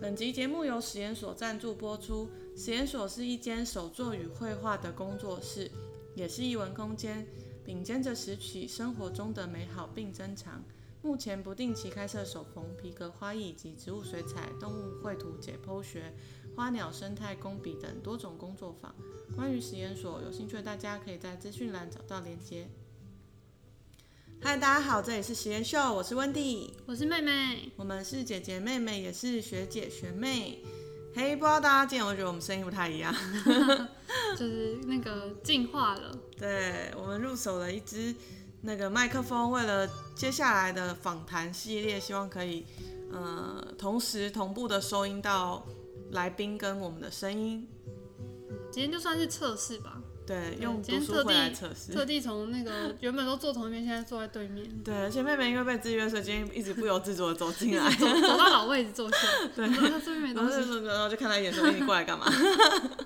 本集節目由拾研所贊助播出。拾研所是一間手作與繪畫的工作室，也是藝文空間，並兼着拾取生活中的美好並珍藏。目前不定期開設手縫、皮革、花藝以及植物水彩、動物繪圖、解剖學、花鳥生態、工筆等多種工作坊。關於拾研所，有興趣的大家可以在資訊欄找到連接。嗨，Hi, 大家好，這裡是拾研秀，我是溫蒂，我是妹妹，我們是姐姐妹妹，也是學姐學妹。嘿、hey，不知道大家今天，我覺得我們聲音不太一樣， 就是那個進化了。對，我們入手了一支那個麥克風，為了接下來的訪談系列，希望可以，呃，同時同步的收音到來賓跟我們的聲音。今天就算是測試吧。對，用讀書會來測試。今天特地，特地從那個原本都坐同一邊，現在坐在對面。對，而且對妹妹因為被制約，所以今天一直不由自主的走進來 走，走到老位置坐下。對，然後這邊沒東西，然後就看她眼神， 你過來幹嘛？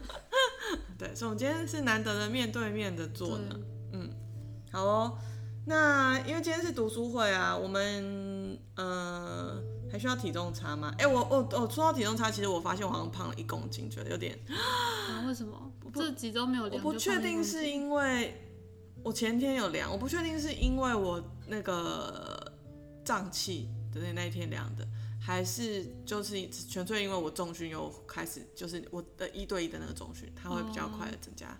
對，所以我們今天是難得的面對面的坐呢。對嗯，好哦。那因為今天是讀書會啊，我們嗯。呃還需要體重差嗎？哎、欸，我我我說到體重差，其實我發現我好像胖了一公斤，覺得有點。啊、為什麼？不這幾周沒有？我不確定是因為我前天有量，嗯、我前天有量，我不確定是因為我那個脹氣，的那一天量的，還是就是純粹因為我重訓又開始，就是我的一對一的那個重訓，它會比較快的增加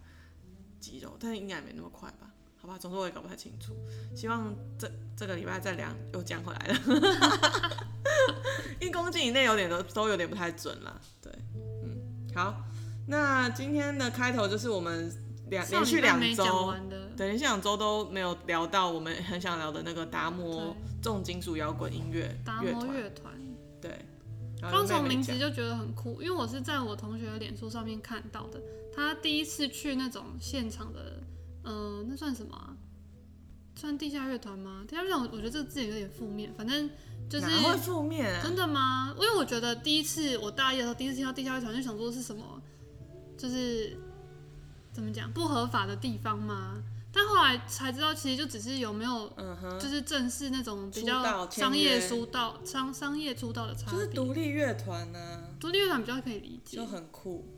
肌肉，哦、但是應該沒那麼快吧？好吧，總之我也搞不太清楚，希望這這個禮拜再量又降回來了。 境內有點都都有點不太準了，對，嗯，好，那今天的開頭就是我們兩連續兩周，連續兩周都沒有聊到我們很想聊的那個達摩重金屬搖滾音樂樂團，樂團，對，剛從名字就覺得很酷，因為我是在我同學的臉書上面看到的，他第一次去那種現場的，嗯、呃，那算什麼、啊？算地下樂團嗎？地下樂團我，我覺得這個字有點負面。反正就是會負面、啊，真的嗎？因為我覺得第一次我大一的時候，第一次聽到地下樂團，就想說是什麼，就是怎麼講不合法的地方嗎？但後來才知道，其實就只是有沒有，嗯、哼就是正式那種比較商業出道、商商業出道的差別。就是獨立樂團呢、啊，獨立樂團比較可以理解，就很酷。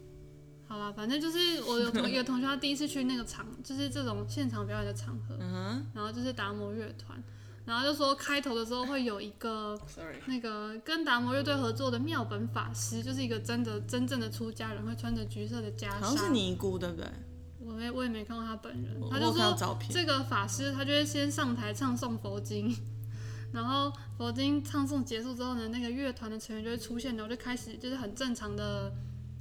好了，反正就是我有同一同學，他第一次去那個場， 就是這種現場表演的場合，嗯、哼然後就是達摩樂團，然後就說開頭的時候會有一個，那個跟達摩樂隊合作的妙本法師，就是一個真的真正的出家人，會穿着橘色的袈裟，好像是尼姑對不對？我沒我也沒看到他本人，他就說這個法師他就會先上台唱誦佛經，然後佛經唱誦結束之後呢，那個樂團的成員就會出現，然後就開始就是很正常的。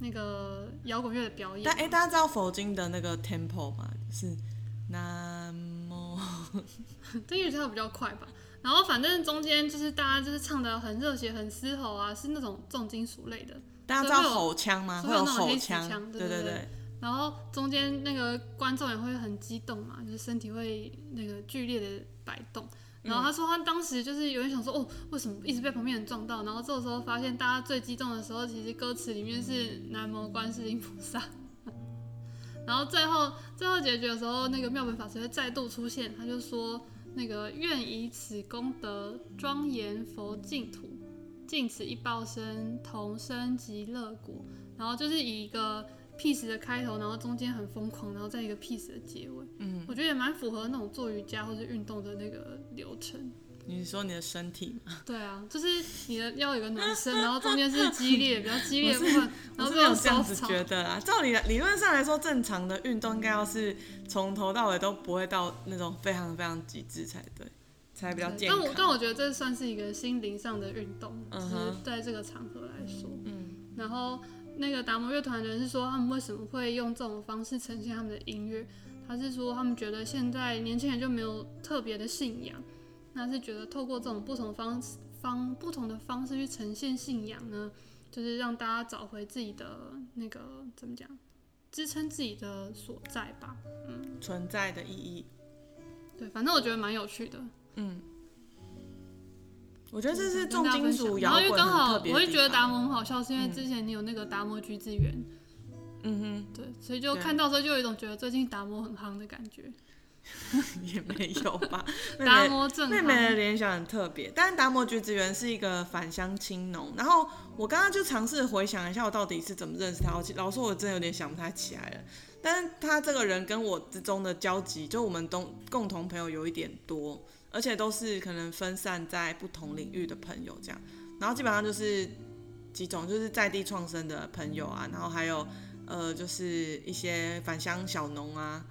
那個搖滾樂的表演但，哎，大家知道佛經的那個 tempo 嗎？是南無，因為唱的比較快吧。然後反正中間就是大家就是唱得很熱血、很嘶吼啊，是那種重金屬類的。大家知道吼腔嗎？會有吼腔，腔對對對。對對對，然後中間那個觀眾也會很激動嘛，就是身體會那個劇烈的擺動。嗯、然後他說他當時就是有點想說哦，為什麼一直被旁邊人撞到？然後這個時候發現大家最激動的時候，其實歌詞裡面是南無觀世音菩薩。 然後最後最後結局的時候，那個妙本法師會再度出現，他就說那個願以此功德莊嚴佛淨土，盡此一報身同生極樂國。然後就是以一個。piece 的開頭，然後中間很瘋狂，然後在一個 piece 的結尾，嗯，我覺得也蠻符合那種做瑜伽或者運動的那個流程。你說你的身體嗎？對啊，就是你的要有一個暖身，然後中間是激烈， 是比較激烈，是然後最後我是沒有這樣子覺得啊，照理理論上來說，正常的運動應該要是從頭到尾都不會到那種非常非常極致才對，才比較健康。但我但我覺得這算是一個心靈上的運動，嗯、哼就是在這個場合來說，嗯，嗯然後。那個達摩樂團的人是說，他們為什麼會用這種方式呈現他們的音樂？他是說，他們覺得現在年輕人就沒有特別的信仰，那是覺得透過這種不同方式方不同的方式去呈現信仰呢，就是讓大家找回自己的那個怎麼講，支撐自己的所在吧，嗯，存在的意義。對，反正我覺得蠻有趣的，嗯。我覺得這是重金屬搖滾，然後因為剛好，我就覺得達摩很好笑，是因為之前你有那個達摩橘子園，嗯哼，對，所以就看到時候對 就有一種覺得最近達摩很夯的感覺，也沒有吧，達 美摩正妹妹的聯想很特別，但達摩橘子園是一個返鄉青農，然後我剛剛就嘗試回想一下我到底是怎麼認識他，老實說，我真的有點想不太起來了。但是他這個人跟我之中的交集，就我們都共同朋友有一點多，而且都是可能分散在不同領域的朋友這樣。然後基本上就是幾種，就是在地創生的朋友啊，然後還有呃就是一些返鄉小農啊，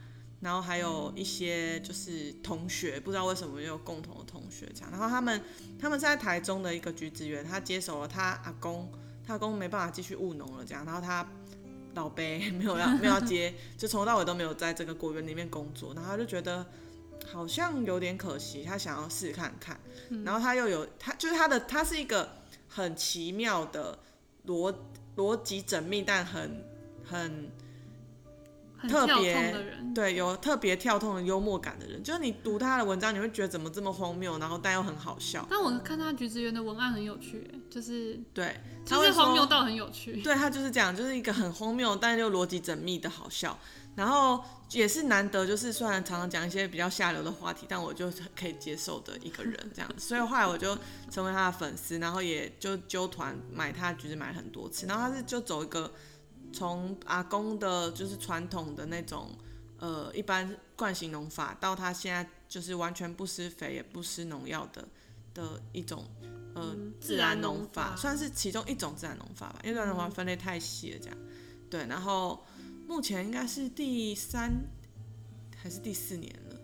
然後還有一些就是同學，不知道為什麼有共同的同學這樣。然後他們他們是在台中的一個橘子園，他接手了他阿公，他阿公沒辦法繼續務農了這樣，然後他。老唄沒有要，沒有要接，就從頭到尾都沒有在這個果園裡面工作，然後他就覺得好像有點可惜，他想要試試看看，然後他又有，他就是他的，他是一個很奇妙的邏邏輯縝密，但很很。特別對有特別跳痛的幽默感的人，就是你讀他的文章，你會覺得怎麼這麼荒謬，然後但又很好笑。但我看他橘子園的文案很有趣，就是對他會荒謬到很有趣。他對他就是這樣，就是一個很荒謬 但又邏輯縝密的好笑，然後也是難得，就是雖然常常講一些比較下流的話題，但我就可以接受的一個人這樣子。 所以後來我就成為他的粉絲，然後也就揪團買他的橘子，買了很多次。然後他是就走一個。從阿公的就是傳統的那種，呃，一般慣行農法，到他現在就是完全不施肥也不施農藥的的一種，呃，自然農法，農法算是其中一種自然農法吧，因為自然農法分類太細了，這樣。嗯、對，然後目前應該是第三還是第四年了？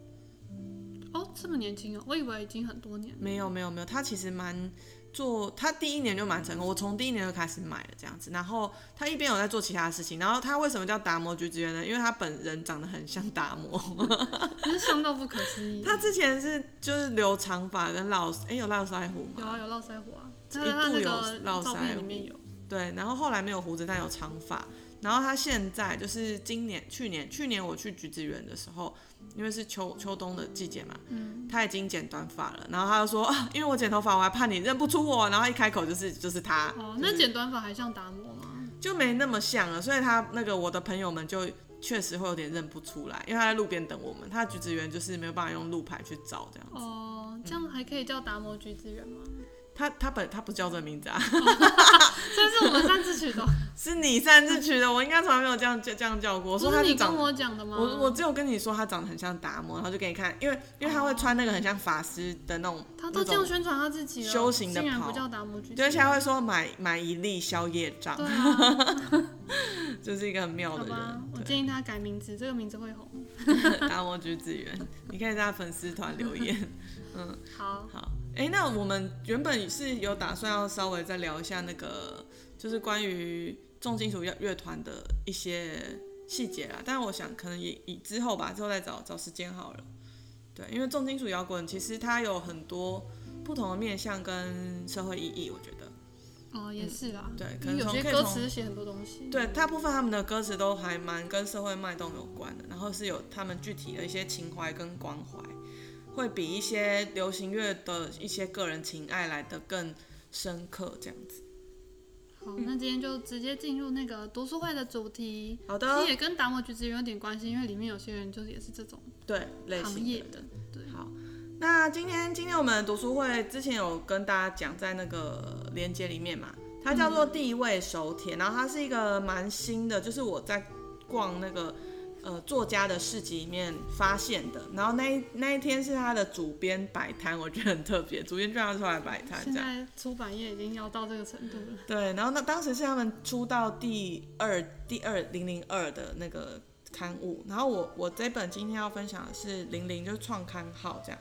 嗯、哦，這麼年輕啊、哦，我以為已經很多年了沒。沒有沒有沒有，他其實蠻。做他第一年就蠻成功，我從第一年就開始買了這樣子。然後他一邊有在做其他事情，然後他為什麼叫達摩橘子園呢？因為他本人長得很像達摩， 可是像到不可思議。他之前是就是留長髮跟絡哎、欸、有絡腮胡嗎？有啊有絡腮胡啊，一度有絡腮裡面有對，然後後來沒有鬍子但有長髮。然後他現在就是今年去年去年我去橘子園的時候。因為是秋秋冬的季節嘛，嗯，他已經剪短髮了，然後他就說啊，因為我剪頭髮，我還怕你認不出我，然後一開口就是就是他。哦，就是，那剪短髮還像達摩嗎？就沒那麼像了，所以他那個我的朋友們就確實會有點認不出來，因為他在路邊等我們，他的橘子園就是沒有辦法用路牌去找這樣子。哦，這樣還可以叫達摩橘子園嗎？他他本他不叫這名字啊，這 是我們擅自取的， 是你擅自取的，我應該從來沒有這樣這樣叫過。是你跟我講的嗎？我我只有跟你說他長得很像達摩，然後就給你看，因為因為他會穿那個很像法師的那種，他都這樣宣傳他自己了，修行的袍，竟然不叫達摩橘然會說買買一粒消業障，啊、 就是一個很妙的人。吧對我建議他改名字，這個名字會紅。達 摩橘子園，你可以在他粉絲團留言。 嗯，好，好。哎、欸，那我們原本是有打算要稍微再聊一下那個，就是關於重金屬樂樂團的一些細節啦。但我想，可能也以之後吧，之後再找找時間好了。對，因為重金屬搖滾其實它有很多不同的面向跟社會意義，我覺得。哦、嗯，也是啦。對，可能可有些歌詞寫很多東西。對，大部分他們的歌詞都還蠻跟社會脈動有關的，然後是有他們具體的一些情懷跟關懷。會比一些流行樂的一些個人情愛來的更深刻，這樣子。好，那今天就直接進入那個讀書會的主題。好的，其實也跟打摩羯資有點關係，因為裡面有些人就是也是這種對類型的。對，好，那今天今天我們讀書會之前有跟大家講，在那個連接裡面嘛，它叫做地味手帖，然後它是一個蠻新的，就是我在逛那個。呃，作家的市集裡面發現的，然後那一那一天是他的主編擺攤，我覺得很特別，主編居然出來擺攤，現在出版業已經要到這個程度了。對，然後那當時是他們出到第二第二零零二的那個刊物，然後我我這本今天要分享的是零零，就是創刊號這樣。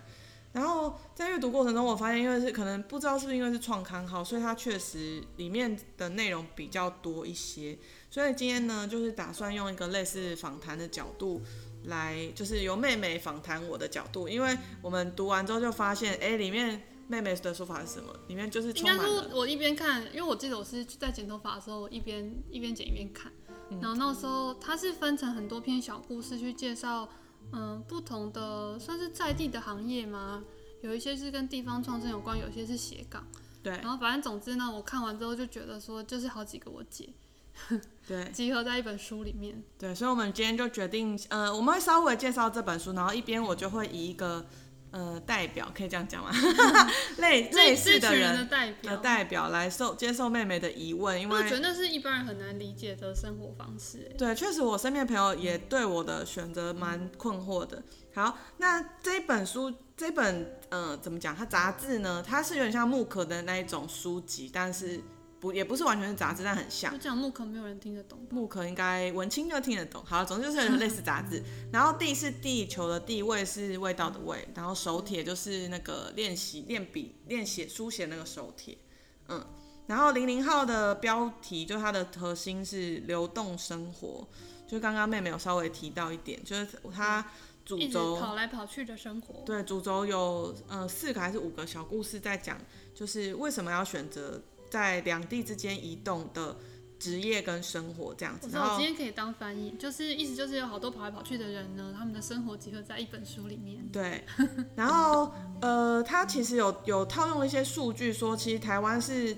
然後在閱讀過程中，我發現因為是可能不知道是不是因為是創刊號，所以它確實裡面的內容比較多一些。所以今天呢，就是打算用一個類似訪談的角度來，就是由妹妹訪談我的角度，因為我們讀完之後就發現，誒、欸，裡面妹妹的說法是什麼？裡面就是了應該我一邊看，因為我記得我是在剪頭髮的時候，我一邊一邊剪一邊看，然後那時候它是分成很多篇小故事去介紹，嗯，不同的算是在地的行業嘛，有一些是跟地方創生有關，有一些是斜槓，對，然後反正總之呢，我看完之後就覺得說，就是好幾個我姐。對，集合在一本書裡面。對，所以，我們今天就決定，呃，我們會稍微介紹這本書，然後一邊我就會以一個呃代表，可以這樣講嗎？ 類、嗯、類似的人、群人的代表、呃，代表來受接受妹妹的疑問，因為我覺得那是一般人很難理解的生活方式。對，確實，我身邊朋友也對我的選擇蠻困惑的。好，那這本書，這本，呃，怎麼講？它雜誌呢？它是有點像 Mook 的那一種書籍，但是。不也不是完全是雜誌，但很像。我講木刻，沒有人聽得懂。木刻應該文青就聽得懂。好了，總之就是類似雜誌。 然後地是地球的地，味是味道的味。然後手帖就是那個練習練筆練寫書寫那個手帖，嗯，然後零零號的標題就它的核心是流動生活。就剛剛妹妹有稍微提到一點，就是它主軸跑來跑去的生活。對，主軸有呃四個還是五個小故事在講，就是為什麼要選擇。在兩地之間移動的職業跟生活這樣子，然後我今天可以當翻譯，就是意思就是有好多跑來跑去的人呢，他們的生活集合在一本書裡面。對，然後呃，他其實有有套用了一些數據，說其實台灣是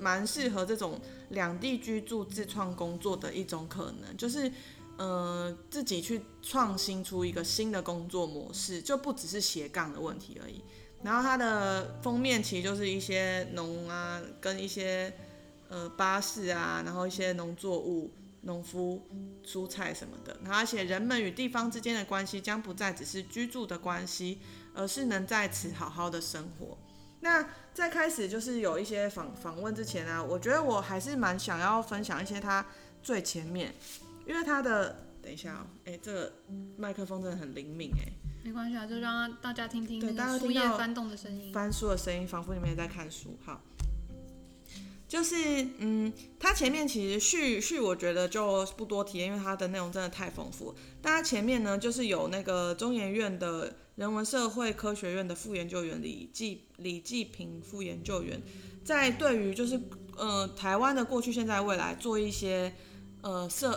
蠻適合這種兩地居住、自創工作的一種可能，就是呃自己去創新出一個新的工作模式，就不只是斜槓的問題而已。然後它的封面其實就是一些農啊，跟一些呃巴士啊，然後一些農作物、農夫、蔬菜什麼的。而且人們與地方之間的關係將不再只是居住的關係，而是能在此好好的生活。那在開始就是有一些訪訪問之前啊，我覺得我還是蠻想要分享一些它最前面，因為它的。等一下哦、喔，哎、欸，這個麥克風真的很靈敏哎、欸，沒關係啊，就讓大家聽聽那個書頁翻動的聲音，對，大家聽到翻書的聲音，仿佛你們也在看書。好，就是嗯，它前面其實序序，續我覺得就不多提，因為它的內容真的太豐富。大家前面呢，就是有那個中研院的人文社會科學院的副研究員李繼，李繼平副研究員，在對於就是嗯、呃、台灣的過去、現在、未來做一些呃設。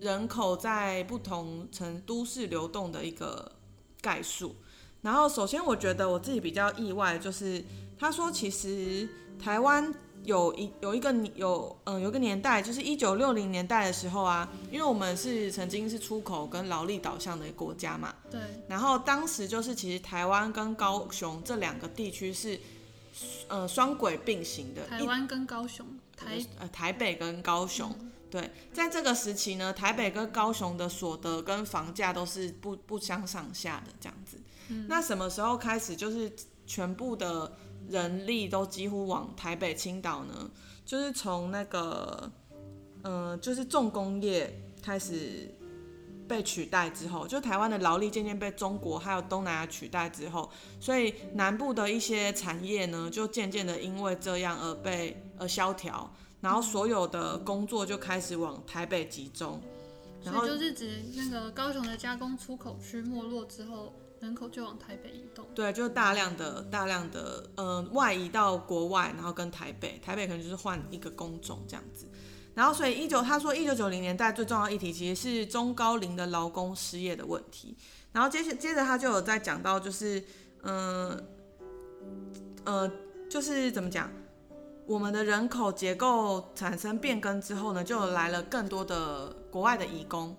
人口在不同城都市流動的一個概述。然後，首先我覺得我自己比較意外，就是他說其實台灣有一有一個有嗯有個年代，就是一九六零年代的時候啊，因為我們是曾經是出口跟勞力導向的一個國家嘛。對。然後當時就是其實台灣跟高雄這兩個地區是呃雙軌並行的。台灣跟高雄，台、就是、呃台北跟高雄。嗯對，在這個時期呢，台北跟高雄的所得跟房價都是不不相上下的這樣子。嗯、那什麼時候開始就是全部的人力都幾乎往台北傾倒呢？就是從那個，呃，就是重工業開始被取代之後，就台灣的勞力漸漸被中國還有東南亞取代之後，所以南部的一些產業呢，就漸漸的因為這樣而被而蕭條。然後所有的工作就開始往台北集中，然後就是指那個高雄的加工出口區沒落之後，人口就往台北移動。對，就大量的大量的呃外移到國外，然後跟台北，台北可能就是換一個工種這樣子。然後所以一九他說一九九零年代最重要的議題其實是中高齡的勞工失業的問題。然後接着接着他就有在講到就是嗯嗯、呃呃、就是怎麼講。我們的人口結構產生變更之後呢，就來了更多的國外的移工，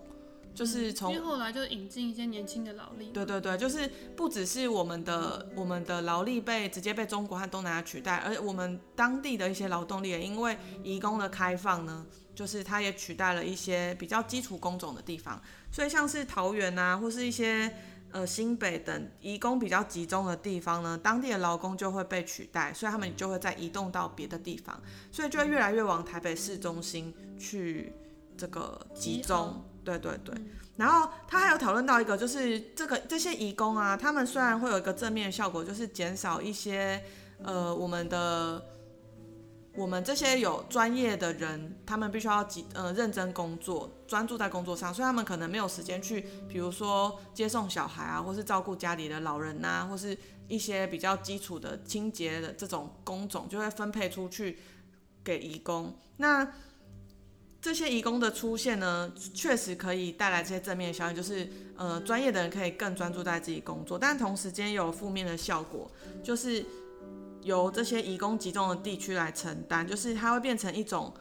就是從後來就引進一些年輕的勞力。對對對，就是不只是我們的我們的勞力被直接被中國和東南亞取代，而我們當地的一些勞動力，因為移工的開放呢，就是它也取代了一些比較基礎工種的地方，所以像是桃園啊，或是一些。呃，新北等移工比較集中的地方呢，當地的勞工就會被取代，所以他們就會再移動到別的地方，所以就會越來越往台北市中心去這個集中。集合對對對。然後他還有討論到一個，就是這個這些移工啊，他們雖然會有一個正面的效果，就是減少一些呃我們的。我們這些有專業的人，他們必須要呃認真工作，專注在工作上，所以他們可能沒有時間去，比如說接送小孩啊，或是照顧家裡的老人吶、啊，或是一些比較基礎的清潔的這種工種，就會分配出去給移工。那這些移工的出現呢，確實可以帶來這些正面效應，就是呃專業的人可以更專注在自己工作，但同時間有負面的效果，就是。由這些移工集中的地區來承擔，就是它會變成一種，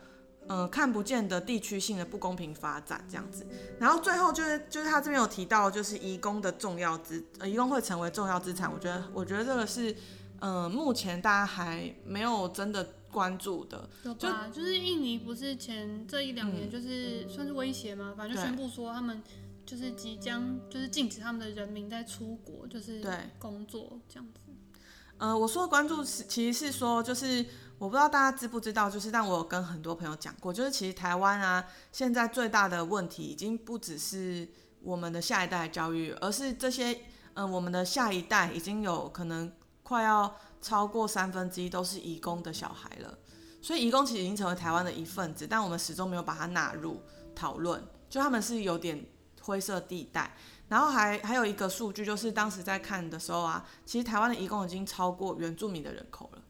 嗯、呃，看不見的地區性的不公平發展這樣子。然後最後就是，就是他這邊有提到，就是移工的重要資、呃，移工會成為重要資產。我覺得，我覺得這個是，嗯、呃，目前大家還沒有真的關注的。有吧？就，就是印尼不是前這一兩年就是算是威脅嗎？嗯、反正就宣布說他們就是即將就是禁止他們的人民在出國就是對工作這樣子。呃，我說的關注是，其實是說，就是我不知道大家知不知道，就是但我有跟很多朋友講過，就是其實台灣啊，現在最大的問題已經不只是我們的下一代的教育，而是這些，嗯、呃，我們的下一代已經有可能快要超過三分之一都是移工的小孩了。所以，移工其實已經成為台灣的一份子，但我們始終沒有把它納入討論，就他們是有點灰色地帶。然後還還有一個數據，就是當時在看的時候啊，其實台灣的移工已經超過原住民的人口了，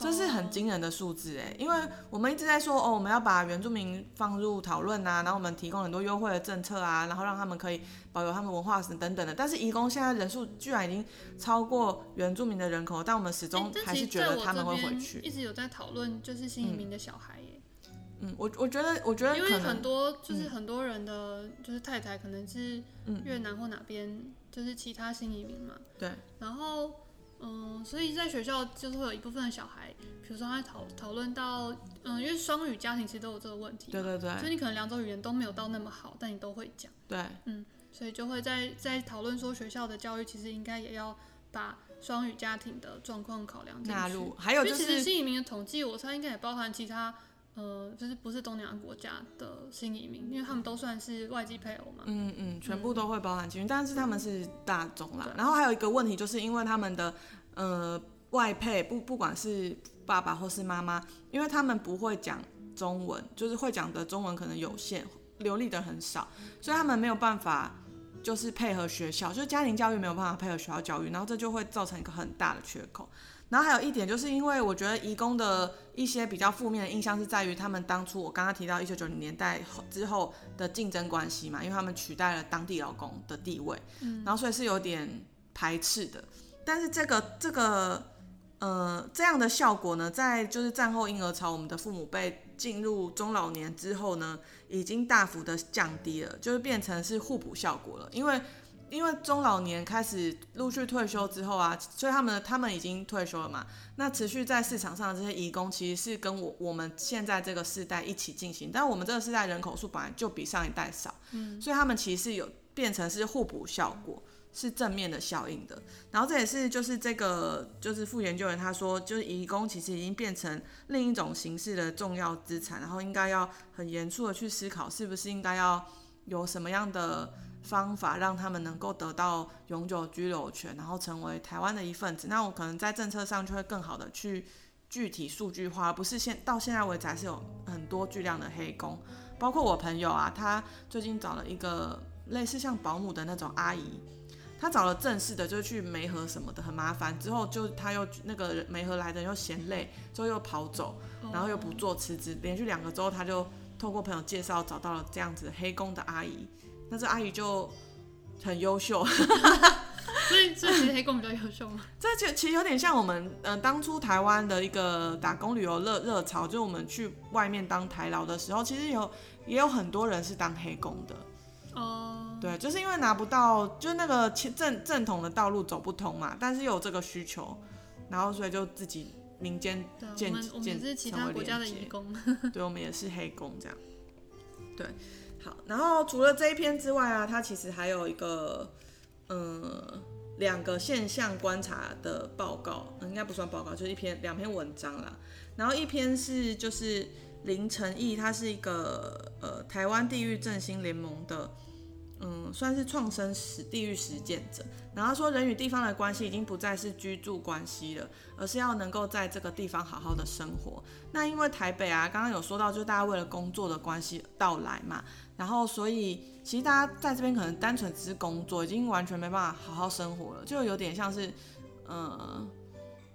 這是很驚人的數字哎，因為我們一直在說哦，我們要把原住民放入討論吶、啊，然後我們提供很多優惠的政策啊，然後讓他們可以保留他們文化史等等的，但是移工現在人數居然已經超過原住民的人口，但我們始終還是覺得他們會回去，欸、一直有在討論就是新移民的小孩。嗯，我我覺得，我覺得，因為很多就是很多人的、嗯、就是太太可能是越南或哪邊，嗯、就是其他新移民嘛。對。然後，嗯，所以在學校就是會有一部分的小孩，比如說在討討論到，嗯，因為雙語家庭其實都有這個問題。對對對。所以你可能兩種語言都沒有到那麼好，但你都會講。對。嗯，所以就會在在討論說學校的教育其實應該也要把雙語家庭的狀況考量進去。還有就是、其實新移民的統計，我猜應該也包含其他。呃，就是不是東南亞國家的新移民，因為他們都算是外籍配偶嘛。嗯嗯，全部都會包含進去，嗯、但是他們是大宗啦。嗯、然後還有一個問題，就是因為他們的對呃外配不不管是爸爸或是媽媽，因為他們不會講中文，就是會講的中文可能有限，流利的很少，所以他們沒有辦法就是配合學校，就是家庭教育沒有辦法配合學校教育，然後這就會造成一個很大的缺口。然後還有一點，就是因為我覺得移工的一些比較負面的印象是在於他們當初，我剛剛提到一九九零年代之後的競爭關係嘛，因為他們取代了當地勞工的地位，然後所以是有點排斥的。但是這個這個呃這樣的效果呢，在就是戰後嬰兒潮，我們的父母輩進入中老年之後呢，已經大幅的降低了，就是變成是互補效果了，因為。因為中老年開始陸續退休之後啊，所以他們他們已經退休了嘛，那持續在市場上的這些移工其實是跟我我們現在這個世代一起進行，但我們這個世代人口數本來就比上一代少，嗯，所以他們其實是有變成是互補效果，是正面的效應的。然後這也是就是這個就是副研究員他說，就是移工其實已經變成另一種形式的重要資產，然後應該要很嚴肅的去思考，是不是應該要有什麼樣的，方法讓他們能夠得到永久居留權，然後成為台灣的一份子。那我可能在政策上就會更好的去具體數據化，而不是現到現在為止還是有很多巨量的黑工。包括我朋友啊，他最近找了一個類似像保姆的那種阿姨，他找了正式的，就去媒合什麼的，很麻煩。之後就他又那個媒合來的又嫌累，之後又跑走，然後又不做辭職，連續兩個周，他就通過朋友介紹找到了這樣子黑工的阿姨。但是阿姨就很優秀，所以所以其實黑工比較優秀嗎？ 這就其實有點像我們嗯、呃、當初台灣的一個打工旅遊熱熱潮，就我們去外面當台勞的時候，其實有也有很多人是當黑工的哦。呃、對，就是因為拿不到，就是那個正正統的道路走不通嘛，但是有這個需求，然後所以就自己民間建、啊、建。我們，建我們是其他國家的移工， 對，我們也是黑工這樣，對。好，然後除了這一篇之外啊，它其實還有一個，嗯、呃，兩個現象觀察的報告，嗯、應該不算報告，就是一篇兩篇文章啦。然後一篇是就是林承毅，他是一個呃台灣地域振興聯盟的。嗯，算是創生實地域實踐者，然後說，人與地方的關係已經不再是居住關係了，而是要能夠在這個地方好好的生活。那因為台北啊，剛剛有說到，就大家為了工作的關係到來嘛，然後所以其實大家在這邊可能單純只是工作，已經完全沒辦法好好生活了，就有點像是，嗯、呃，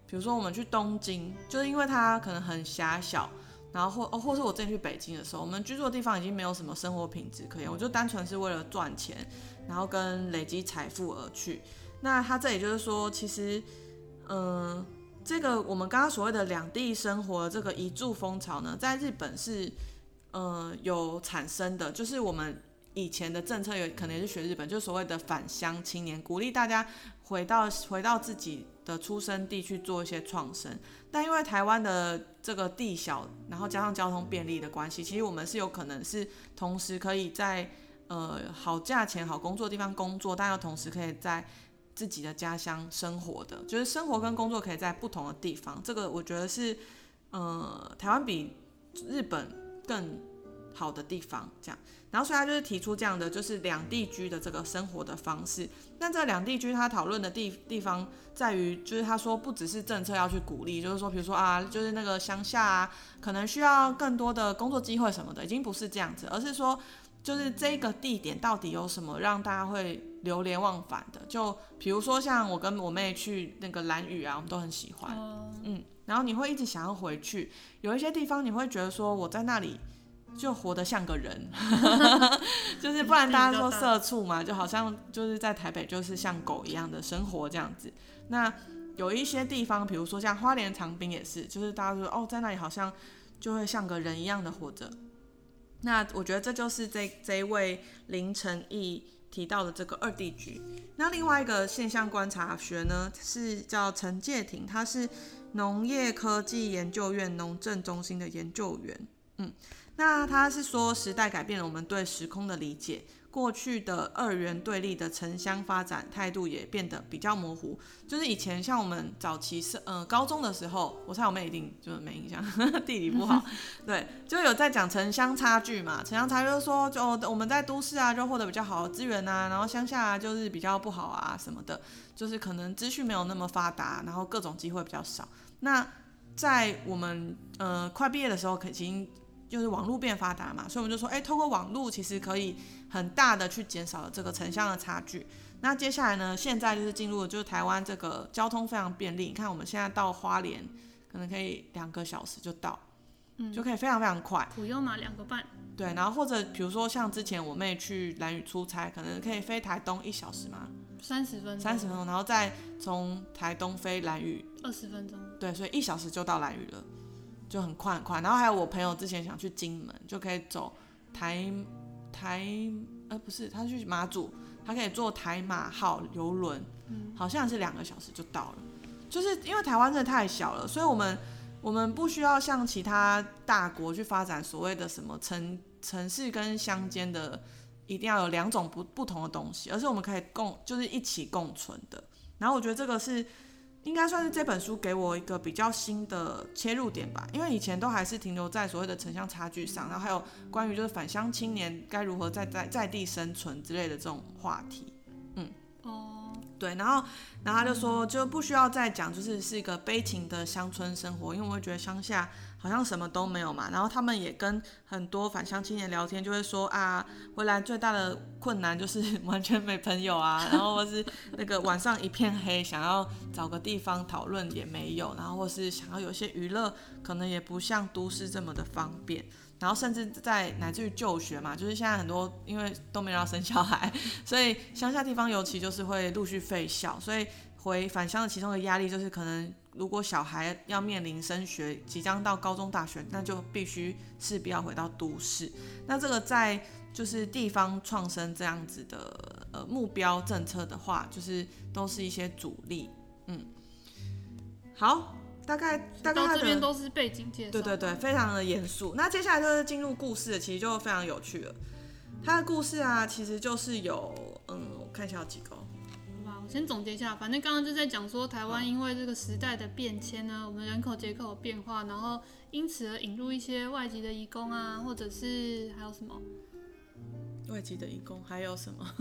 比如說我們去東京，就是因為它可能很狹小。然後或或是我之前去北京的時候，我們居住的地方已經沒有什麼生活品質可言，我就單純是為了賺錢，然後跟累積財富而去。那他這也就是說，其實，嗯、呃，這個我們剛剛所謂的兩地生活這個移住風潮呢，在日本是，嗯、呃，有產生的，就是我們以前的政策有可能也是學日本，就是所謂的返鄉青年，鼓勵大家回到回到自己出生地去做一些創生，但因為台灣的這個地小，然後加上交通便利的關係，其實我們是有可能是同時可以在呃好價錢、好工作的地方工作，但又同時可以在自己的家鄉生活的，就是生活跟工作可以在不同的地方。這個我覺得是，呃，台灣比日本更。好的地方，這樣，然後所以他就是提出這樣的，就是兩地居的這個生活的方式。那這兩地居，他討論的地地方在於，就是他說不只是政策要去鼓勵，就是說，比如說啊，就是那個鄉下啊，可能需要更多的工作機會什麼的，已經不是這樣子，而是說，就是這個地點到底有什麼讓大家會流連忘返的？就比如說像我跟我妹去那個蘭嶼啊，我們都很喜歡，嗯，然後你會一直想要回去。有一些地方你會覺得說我在那裡。就活得像個人， 就是不然大家說社畜嘛，就好像就是在台北就是像狗一樣的生活這樣子。那有一些地方，比如說像花蓮長濱也是，就是大家說哦，在那裡好像就會像個人一樣的活着。那我覺得這就是這這一位林成毅提到的這個二地居。那另外一個現象觀察學呢，是叫陳介廷，他是農業科技研究院農政中心的研究員。嗯。那他是說，時代改變了我們對時空的理解，過去的二元對立的城鄉發展態度也變得比較模糊。就是以前像我們早期是呃，高中的時候，我猜我們一定就沒印象，地理不好。對，就有在講城鄉差距嘛，城鄉差距就是說就我們在都市啊就獲得比較好的資源啊，然後鄉下就是比較不好啊什麼的，就是可能資訊沒有那麼發達，然後各種機會比較少。那在我們呃快畢業的時候，已經。就是網絡變發達嘛，所以我們就說，哎、欸，通過網絡其實可以很大的去減少了這個城鄉的差距。那接下來呢，現在就是進入了就是台灣這個交通非常便利。你看我們現在到花蓮，可能可以兩個小時就到，嗯，就可以非常非常快。不用嘛，兩個半。對，然後或者比如說像之前我妹去蘭嶼出差，可能可以飛台東一小時嘛，三十分鐘。三十分鐘，然後再從台東飛蘭嶼，二十分鐘。對，所以一小時就到蘭嶼了。就很快很快，然後還有我朋友之前想去金門，就可以走台台，呃，不是，他去馬祖，他可以坐台馬號遊輪，嗯，好像是兩個小時就到了。就是因為台灣真的太小了，所以我們我們不需要像其他大國去發展所謂的什麼城城市跟鄉間的，一定要有兩種不不同的東西，而是我們可以共就是一起共存的。然後我覺得這個是。應該算是這本書給我一個比較新的切入點吧，因為以前都還是停留在所謂的城鄉差距上，然後還有關於就是返鄉青年該如何在在在地生存之類的這種話題，嗯，哦，對，然後然後他就說就不需要再講，就是是一個悲情的鄉村生活，因為我會覺得鄉下。好像什麼都沒有嘛，然後他們也跟很多返鄉青年聊天，就會說啊，回來最大的困難就是完全沒朋友啊，然後或是那個晚上一片黑，想要找個地方討論也沒有，然後或是想要有些娛樂，可能也不像都市這麼的方便，然後甚至在乃至於就學嘛，就是現在很多因為都沒有要生小孩，所以鄉下地方尤其就是會陸續廢校，所以回返鄉的其中的壓力就是可能。如果小孩要面臨升學，即將到高中大學，那就必須勢必要回到都市。那這個在就是地方創生這樣子的呃目標政策的話，就是都是一些阻力。嗯，好，大概大概他這邊都是背景介紹，對對對，非常的嚴肅。那接下來就是進入故事的，其實就非常有趣了。他的故事啊，其實就是有嗯，我看一下有幾個。先總結一下，反正剛剛就在講說，台灣因為這個時代的變遷呢，好我們人口結構有變化，然後因此而引入一些外籍的移工啊，或者是還有什麼？外籍的移工還有什麼？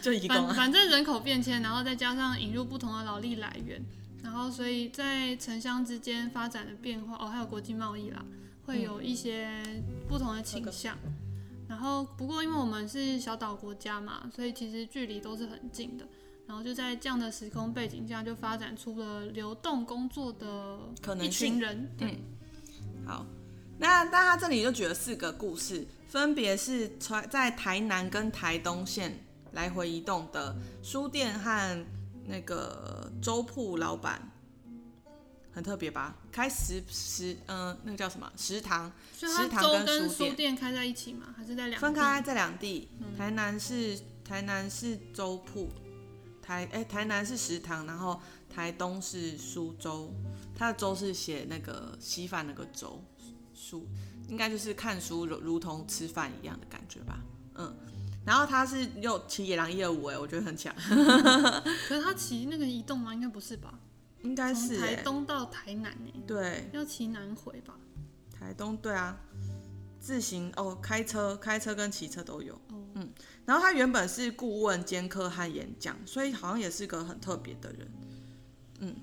就移工啊。反，反正人口變遷，然後再加上引入不同的勞力來源，然後所以在城鄉之間發展的變化，哦，還有國際貿易啦，會有一些不同的傾向。嗯 okay. 然後不過因為我們是小島國家嘛，所以其實距離都是很近的。然後就在這樣的時空背景下，就發展出了流動工作的一群人。嗯，嗯好，那他這裡就舉了四個故事，分別是在台南跟台東縣來回移動的書店和那個粥鋪老板，很特別吧？開食食嗯，那個叫什麼食堂？食堂跟書店開在一起嗎？還是在兩地？分開在兩地，台南是、嗯、台南是粥鋪。台哎、欸，台南是食堂，然後台東是書粥，他的粥是寫那個稀飯那個粥，書應該就是看書如如同吃飯一樣的感覺吧。嗯，然後他是又騎野狼一二五，哎，我覺得很強。可是他騎那個移動嗎？應該不是吧？應該是台東到台南，哎，對，要騎南回吧？台東對啊，自行哦開車、開車跟騎車都有，哦、嗯。然後他原本是顧問、兼課和演講，所以好像也是個很特別的人。嗯，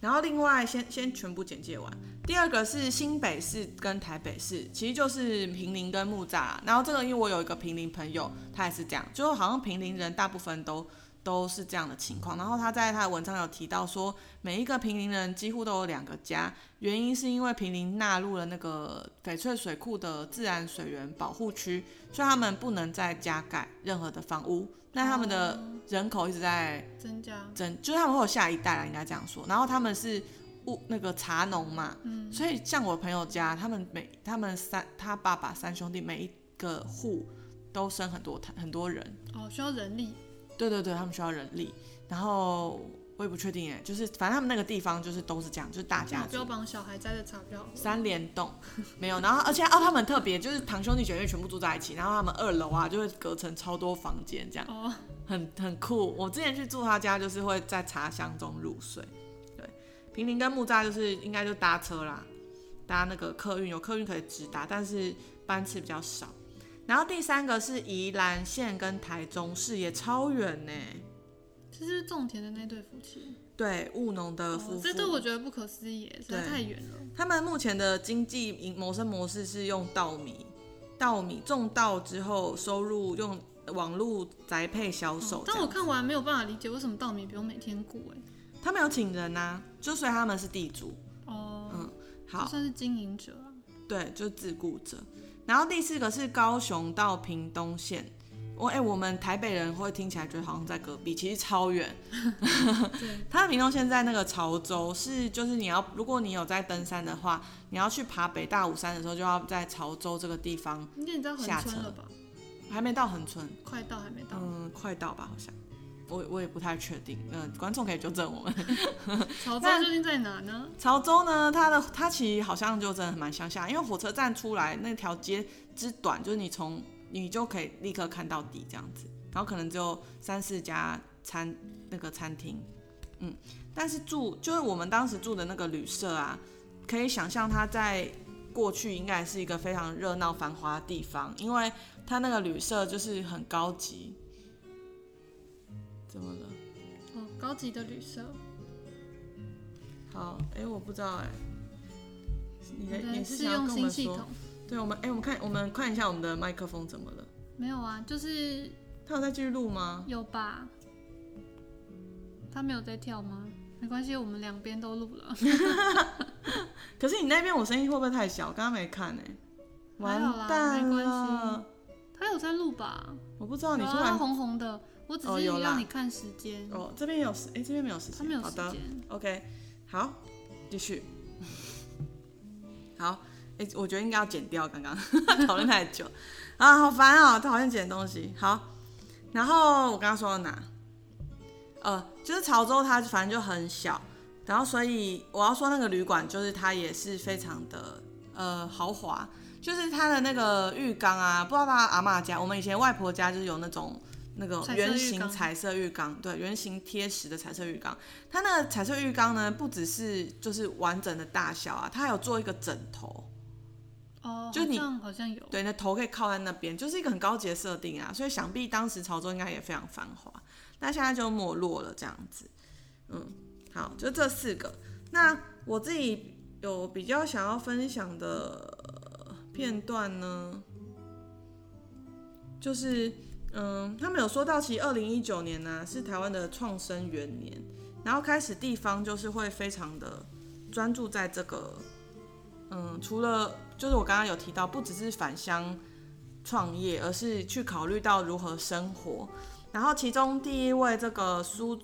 然後另外先先全部簡介完。第二個是新北市跟台北市，其實就是坪林跟木柵。然後這個因為我有一個坪林朋友，他也是這樣，就好像坪林人大部分都。都是這樣的情況，然後他在他的文章有提到說，每一個坪林人幾乎都有兩個家，原因是因為坪林納入了那個翡翠水庫的自然水源保護區，所以他們不能再加蓋任何的房屋。那、嗯、他們的人口一直在增加，增就是他們會有下一代了，應該這樣說。然後他們是物那個茶農嘛，嗯、所以像我的朋友家，他們每他們三他爸爸三兄弟每一個戶都生很多很多人哦，需要人力。對對對，他們需要人力，然後我也不確定哎，就是反正他們那個地方就是都是這樣，就是大家不要幫小孩摘的茶不三連棟沒有，然後而且啊、哦、他們特別就是堂兄弟姐妹全部住在一起，然後他們二樓啊就會隔成超多房間這樣，很很酷。我之前去住他家就是會在茶香中入睡。對，坪林跟木柵就是應該就搭車啦，搭那個客運有客運可以直達，但是班次比較少。然後第三個是宜蘭縣跟台中市也超遠呢，就是種田的那對夫妻，對務農的夫婦，這、哦、我覺得不可思議耶，真的對太遠了。他們目前的經濟營謀生模式是用稻米，稻米種稻之後收入用網絡宅配銷售、哦。但我看完沒有辦法理解為什麼稻米不用每天雇哎，他們有請人吶、啊，就所以他們是地主哦，嗯好，就算是經營者，對，就是自雇者。然後第四個是高雄到屏東線，我哎、欸，我們台北人會聽起來覺得好像在隔壁，其實超遠。 對它的屏東線在那個潮州，是就是你要如果你有在登山的話，你要去爬北大武山的時候，就要在潮州這個地方下車你了吧？還沒到恆春，快到還沒到，嗯，快到吧，好像。我我也不太確定，嗯、呃，觀眾可以糾正我們。 潮州究竟在哪呢？潮州呢？它的它其實好像就真的蠻鄉下，因為火車站出來那條街之短，就是你從你就可以立刻看到底這樣子，然後可能就三四家餐那個餐廳，嗯，但是住就是我們當時住的那個旅社啊，可以想象它在過去應該是一個非常熱鬧繁華的地方，因為它那個旅社就是很高級。怎麼、哦、高級的旅社。好，哎、欸，我不知道、欸，哎，你在試用新系統？對，我們，哎、欸，我們看，我們看一下我們的麥克風怎麼了？沒有啊，就是他有在繼續錄嗎？有吧？他沒有在跳嗎？沒關係，我們兩邊都錄了。 可是你那邊我聲音會不會太小？剛剛沒看、欸，哎，完蛋沒關係，他有在錄吧？我不知道，啊、你說，紅紅的。我只是讓你看時間、哦。哦，這邊、欸、沒有時間，哎，這邊沒有時間。好的、嗯、，OK，好，繼續。好，哎、欸，我覺得應該要剪掉剛剛，剛剛討論太久， 啊，好煩哦、喔。他好像剪東西。好，然後我剛剛說到哪？呃，就是潮州，它反正就很小，然後所以我要說那個旅館，就是它也是非常的呃豪華，就是它的那個浴缸啊，不知道他阿嬤家，我們以前外婆家就是有那種。那個圓形彩色浴缸。浴缸對，圓形貼石的彩色浴缸，它那個彩色浴缸呢，不只是就是完整的大小啊，它還有做一個枕頭，哦，就你好像有，對，那頭可以靠在那邊，就是一個很高級的設定啊，所以想必當時潮州應該也非常繁華，那現在就沒落了這樣子，嗯，好，就這四個，那我自己有比較想要分享的片段呢，嗯、就是。嗯，他們有說到其實2019，啊，其實二零一九年呢，是台灣的創生元年，然後開始地方就是會非常的專注在這個，嗯，除了就是我剛剛有提到，不只是返鄉創業，而是去考慮到如何生活。然後其中第一位這個蘇，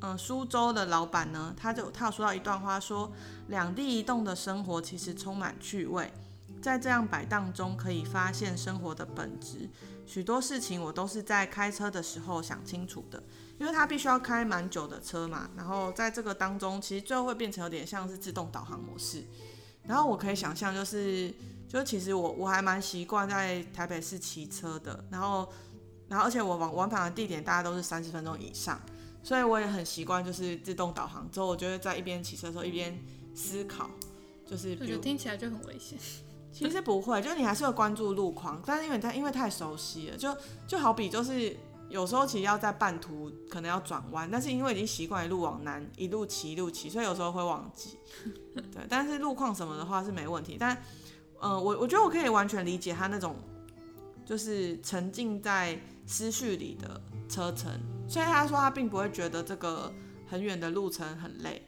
嗯、呃，蘇州的老闆呢，他就他有說到一段話說，說兩地移動的生活其實充滿趣味，在這樣擺盪中可以發現生活的本質。許多事情我都是在開車的時候想清楚的，因為他必須要開蠻久的車嘛，然後在這個當中，其實最後會變成有點像是自動導航模式。然後我可以想象，就是就其實我我還蠻習慣在台北市騎車的，然後然後而且我往往返的地點大概都是三十分鐘以上，所以我也很習慣就是自動導航之後，我就會在一邊騎車的時候一邊思考，就是 view, 我覺得聽起來就很危險。其實不會，就你還是會關注路況，但是因為他因為太熟悉了，就就好比就是有時候其實要在半途可能要轉彎，但是因為已經習慣一路往南一路騎一路騎，所以有時候會忘記。對，但是路況什麼的話是沒問題，但嗯、呃，我我覺得我可以完全理解他那種就是沉浸在思緒裡的車程，所以他說他並不會覺得這個很遠的路程很累，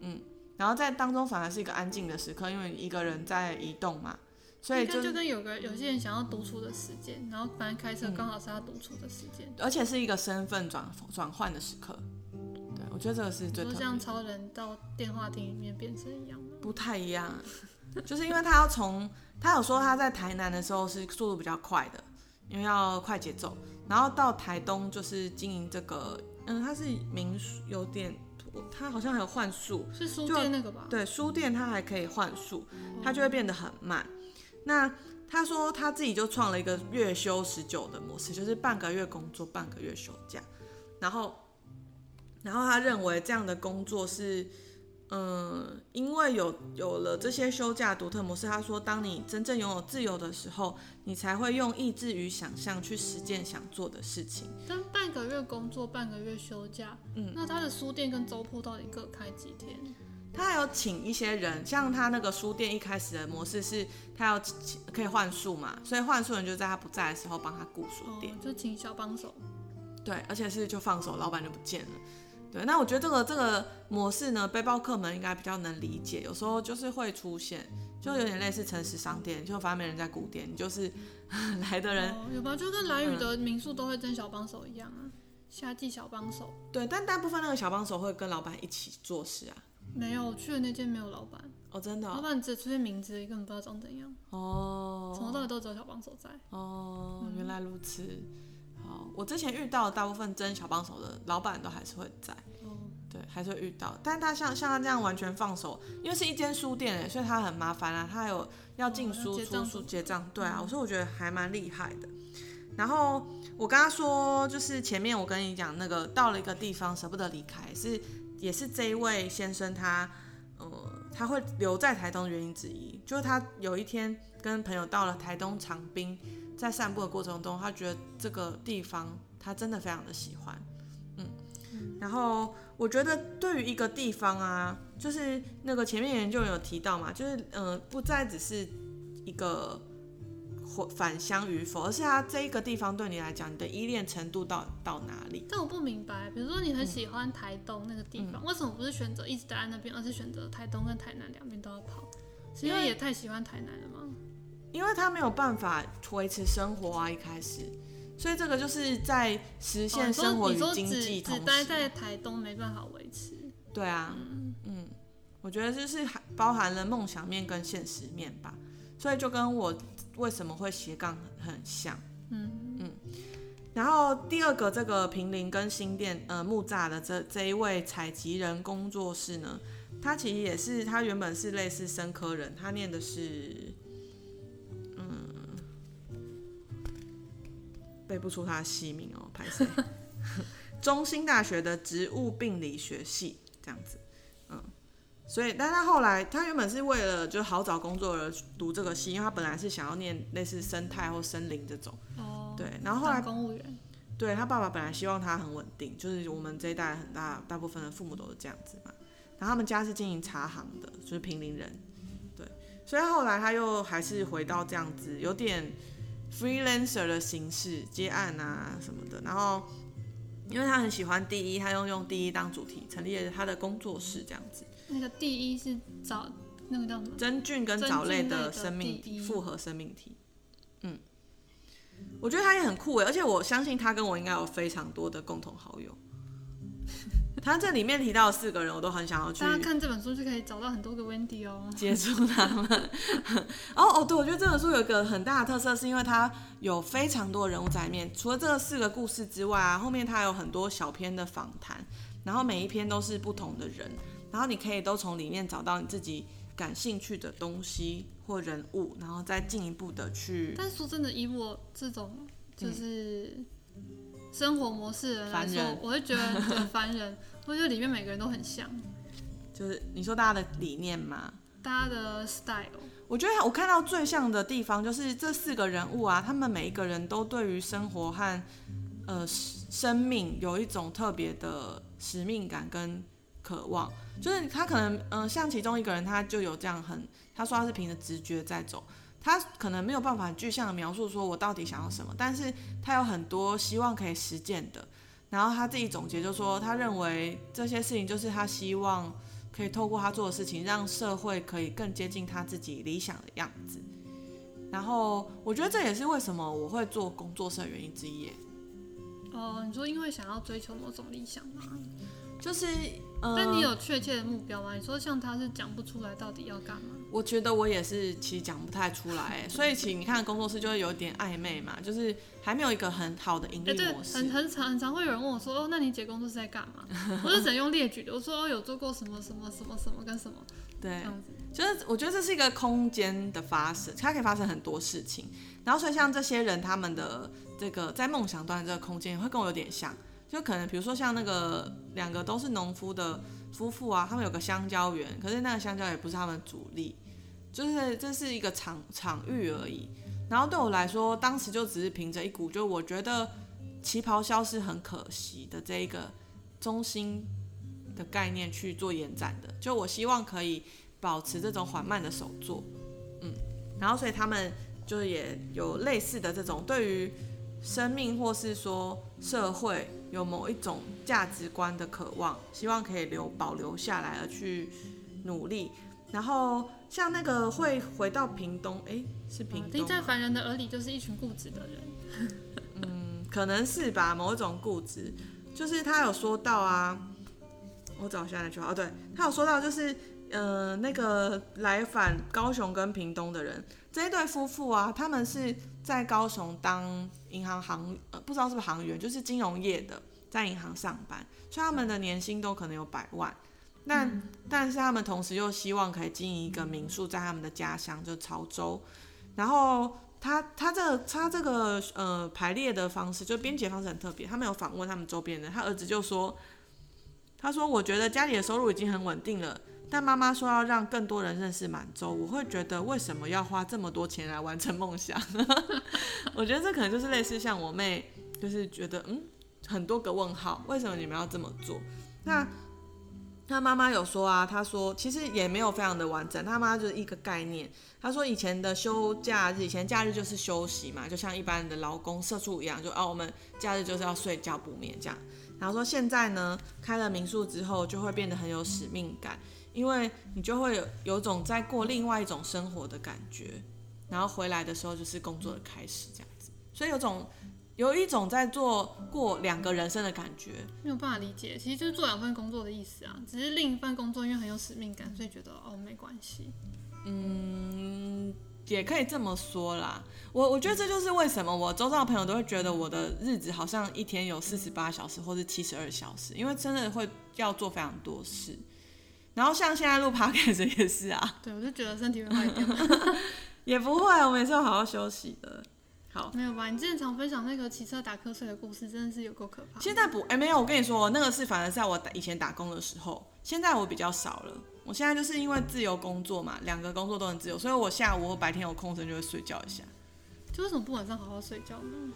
嗯。然後在當中反而是一個安靜的時刻，因為一個人在移動嘛，所以就就跟有個有些人想要獨處的時間，然後反正開車剛好是他獨處的時間，嗯，而且是一個身份轉轉換的時刻。對，我覺得這個是最的。比如像超人到電話亭裡面變身一樣。不太一樣， 就是因為他要從他有說他在台南的時候是速度比較快的，因為要快節奏，然後到台東就是經營這個，嗯，他是民宿有點。他好像還有換宿，是書店那個吧？對，書店他還可以換宿，他就會變得很慢。那他說他自己就創了一個月休十九的模式，就是半個月工作，半個月休假。然後，然後他認為這樣的工作是。嗯，因為有有了這些休假的獨特模式，他說，當你真正擁有自由的時候，你才會用意志與想象去實踐想做的事情。但半個月工作，半個月休假，嗯，那他的書店跟周鋪到底各開幾天？他還有請一些人，像他那個書店一開始的模式是，他要請可以換書嘛，所以換書人就在他不在的時候幫他顧書店。哦，就請小幫手。對，而且是就放手，老闆就不見了。對，那我覺得這個這個模式呢，背包客們應該比較能理解。有時候就是會出現，就有點類似誠實商店，就反正沒人在顧店。你就是、嗯、 來的人。哦、有吧，就跟蘭嶼的民宿都會徵小幫手一樣啊，夏季小幫手。對，但大部分那個小幫手會跟老板一起做事啊。沒有，去的那間沒有老板。哦，真的。哦，老板只出現名字，一個人不知道長怎樣。哦，從頭到尾都只有小幫手在。哦，原來如此。嗯哦、我之前遇到的大部分真小幫手的老板都還是會在，嗯、對，還是會遇到。但是他像像他這樣完全放手，因為是一間書店，所以他很麻煩啊。他有要進書、哦、出書、結賬，嗯、對啊，我說我覺得還蠻厲害的。然後我跟他說，就是前面我跟你講那個到了一個地方捨不得離開，是也是這一位先生他，呃，他會留在台東的原因之一，就是他有一天跟朋友到了台東長濱。在散步的過程中，他覺得這個地方他真的非常的喜歡。嗯，嗯，然後我覺得對於一個地方啊，就是那個前面研究有提到嘛，就是嗯、呃，不再只是一個或返鄉與否，而是他這一個地方對你來講，你的依戀程度到到哪裡？但我不明白，比如說你很喜歡台東那個地方，嗯嗯，為什麼不是選擇一直待在那邊，而是選擇台東跟台南兩邊都要跑？是因為也太喜歡台南了嗎？因為他沒有辦法維持生活啊，一開始，所以這個就是在實現生活與經濟同時，待、哦、在台東沒辦法維持。嗯、對啊，嗯，我覺得就是包含了夢想面跟現實面吧，所以就跟我為什麼會斜槓很，很像，嗯嗯。然後第二個，這個平林跟新店呃木柵的這這一位採集人工作室呢，他其實也是他原本是類似深科人，他念的是。背不出他的系名哦，拍謝， 中興大學的植物病理學系這樣子，嗯，所以，但他後來他原本是為了就好找工作而讀這個系，因為他本來是想要念類似生態或森林這種，哦、對，然後後來公務員，對他爸爸本來希望他很穩定，就是我們這一代很大大部分的父母都是這樣子嘛，然後他們家是經營茶行的，就是坪林人，嗯、對，所以他後來他又還是回到這樣子，有點。freelancer 的形式接案啊什麼的，然後因為他很喜歡地衣，他用用地衣當主題成立了他的工作室這樣子。那個地衣是藻，嗯、那個叫什麼？真菌跟藻類的生命的複合生命體。嗯，我覺得他也很酷誒，而且我相信他跟我應該有非常多的共同好友。 他這裡面提到四個人，我都很想要去。大家看這本書就可以找到很多個 Wendy 哦，接觸他們。哦哦，對，我覺得這本書有一個很大的特色，是因為它有非常多的人物在裡面。除了這四個故事之外啊，後面它還有很多小篇的訪談，然後每一篇都是不同的人，然後你可以都從裡面找到你自己感興趣的東西或人物，然後再進一步的去。但是說真的，以我這種就是、嗯。生活模式的人來說，我會覺得很煩人。 我覺得裡面每個人都很像，就是你說大家的理念嗎？大家的 style，我覺得我看到最像的地方就是這四個人物啊，他們每一個人都對於生活和呃生命有一種特別的使命感跟渴望。就是他可能嗯、呃，像其中一個人，他就有這樣很，他說他是憑着直覺在走。他可能沒有辦法具象的描述說，我到底想要什麼，但是他有很多希望可以實踐的。然後他自己總結就是說，他認為這些事情就是他希望可以透過他做的事情，讓社會可以更接近他自己理想的樣子。然後我覺得這也是為什麼我會做工作室的原因之一。哦、呃，你說因為想要追求某種理想嗎？就是，呃、但你有確切的目標嗎？你說像他是講不出來到底要幹嘛？我覺得我也是，其實講不太出來，所以其實你看工作室就會有點曖昧嘛，就是還沒有一個很好的盈利模式。欸、很很常很常會有人問我說：“哦，那你姐工作是在幹嘛？” 我就只能用列舉的，我說、哦：“有做過什麼什麼什麼什麼跟什,什麼。”對，就是我覺得這是一個空間的發生，它可以發生很多事情。然後所以像這些人，他們的這個在夢想端這個空間會跟我有點像，就可能比如說像那個兩個都是農夫的夫婦啊，他們有個香蕉園，可是那個香蕉也不是他們主力。就是這是一個場場域而已，然後對我來說，當時就只是憑着一股就我覺得旗袍消失很可惜的這一個中心的概念去做延展的，就我希望可以保持這種緩慢的手作，嗯，然後所以他們就也有類似的這種對於生命或是說社會有某一種價值觀的渴望，希望可以留保留下來而去努力，然後。像那個會回到屏東，哎、欸，是屏東。在凡人的耳裡，就是一群固執的人。嗯，可能是吧，某一種固執。就是他有說到啊，嗯、我找下那句話，哦，對，他有說到，就是嗯、呃，那個來返高雄跟屏東的人，這一對夫婦啊，他們是在高雄當銀行行，呃，不知道是不是行員，就是金融業的，在銀行上班，所以他們的年薪都可能有百萬。那但，但是他們同時又希望可以經營一個民宿，在他們的家鄉就是潮州。然後他他這他這個他、這個、呃排列的方式，就編輯方式很特別。他沒有訪問他們周邊人，他兒子就說：“他說我覺得家裡的收入已經很穩定了，但媽媽說要讓更多人認識滿洲，我會覺得為什麼要花這麼多錢來完成夢想？ 我覺得這可能就是類似像我妹，就是覺得嗯很多個問號，為什麼你們要這麼做？那。”他媽媽有說啊，他說其實也沒有非常的完整，他媽就是一個概念。他說以前的休假日，以前假日就是休息嘛，就像一般的勞工、社畜一樣，就啊、哦、我們假日就是要睡覺補眠這樣。然後說現在呢，開了民宿之後就會變得很有使命感，因為你就會有有種在過另外一種生活的感覺，然後回來的時候就是工作的開始這樣子，所以有種。有一種在做過兩個人生的感覺、嗯，沒有辦法理解。其實就是做兩份工作的意思啊，只是另一份工作因為很有使命感，所以覺得哦沒關係。嗯，也可以這麼說啦。我我覺得這就是為什麼我周遭的朋友都會覺得我的日子好像一天有四十八小時或者七十二小時，因為真的會要做非常多事。然後像現在錄 Podcast 也是啊。對，我就覺得身體會壞掉。 也不會，我也是好好休息的。好沒有吧？你正常分享那個騎車打瞌睡的故事，真的是有夠可怕。現在不誒，欸、沒有。我跟你說，那個是反而在我以前打工的時候，現在我比較少了。我現在就是因為自由工作嘛，兩個工作都很自由，所以我下午或白天有空時就會睡覺一下。就、嗯、為什麼不晚上好好睡覺呢？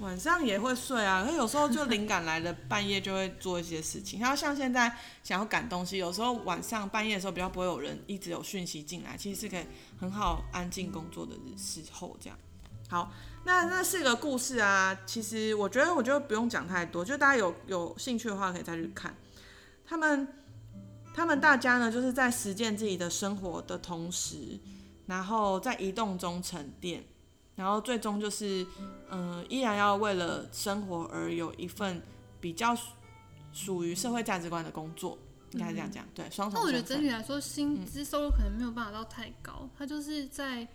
晚上也會睡啊，可有時候就靈感來了， 半夜就會做一些事情。然後像現在想要趕東西，有時候晚上半夜的時候比較不會有人，一直有訊息進來，其實是可以很好安靜工作的時候、嗯、這樣。好，那那四個故事啊。其實我覺得，我就不用講太多，就大家有有興趣的話，可以再去看。他們他們大家呢，就是在實踐自己的生活的同時，然後在移動中沉澱，然後最終就是，嗯、呃，依然要為了生活而有一份比較屬於社會價值觀的工作，應該是這樣講，嗯、對。雙重。那我覺得整體來說，薪資收入可能沒有辦法到太高，他、嗯、就是在。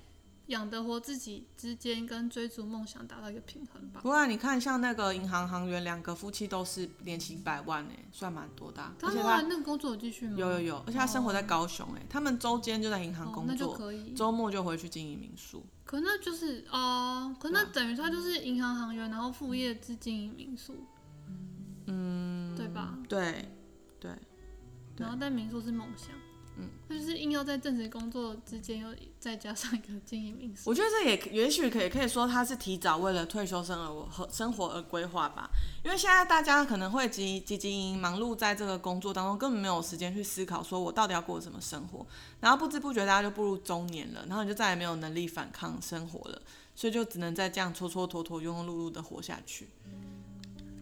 養得活自己之間，跟追逐夢想達到一個平衡吧。不過你看，像那個銀行行員，兩個夫妻都是年薪百萬、欸，哎，算蠻多的。剛剛且他後來那個工作有繼續嗎？有有有，而且他生活在高雄、欸，哎、哦，他們周間就在銀行工作，那就可以，周、哦、末就回去經營民宿。可那就是哦、呃，可那等於說他就是銀行行員，然後副業是經營民宿，嗯，對吧？對對，對對然後但民宿是夢想。他就是硬要在正職工作之間，又再加上一個經營民宿。我覺得這也也許可以，可以說他是提早為了退休生而活，生活而規劃吧。因為現在大家可能會汲汲營營，忙碌在這個工作當中，根本沒有時間去思考，說我到底要過什麼生活。然後不知不覺大家就步入中年了，然後你就再也沒有能力反抗生活了，所以就只能在這樣蹉蹉跎跎、庸庸碌碌的活下去。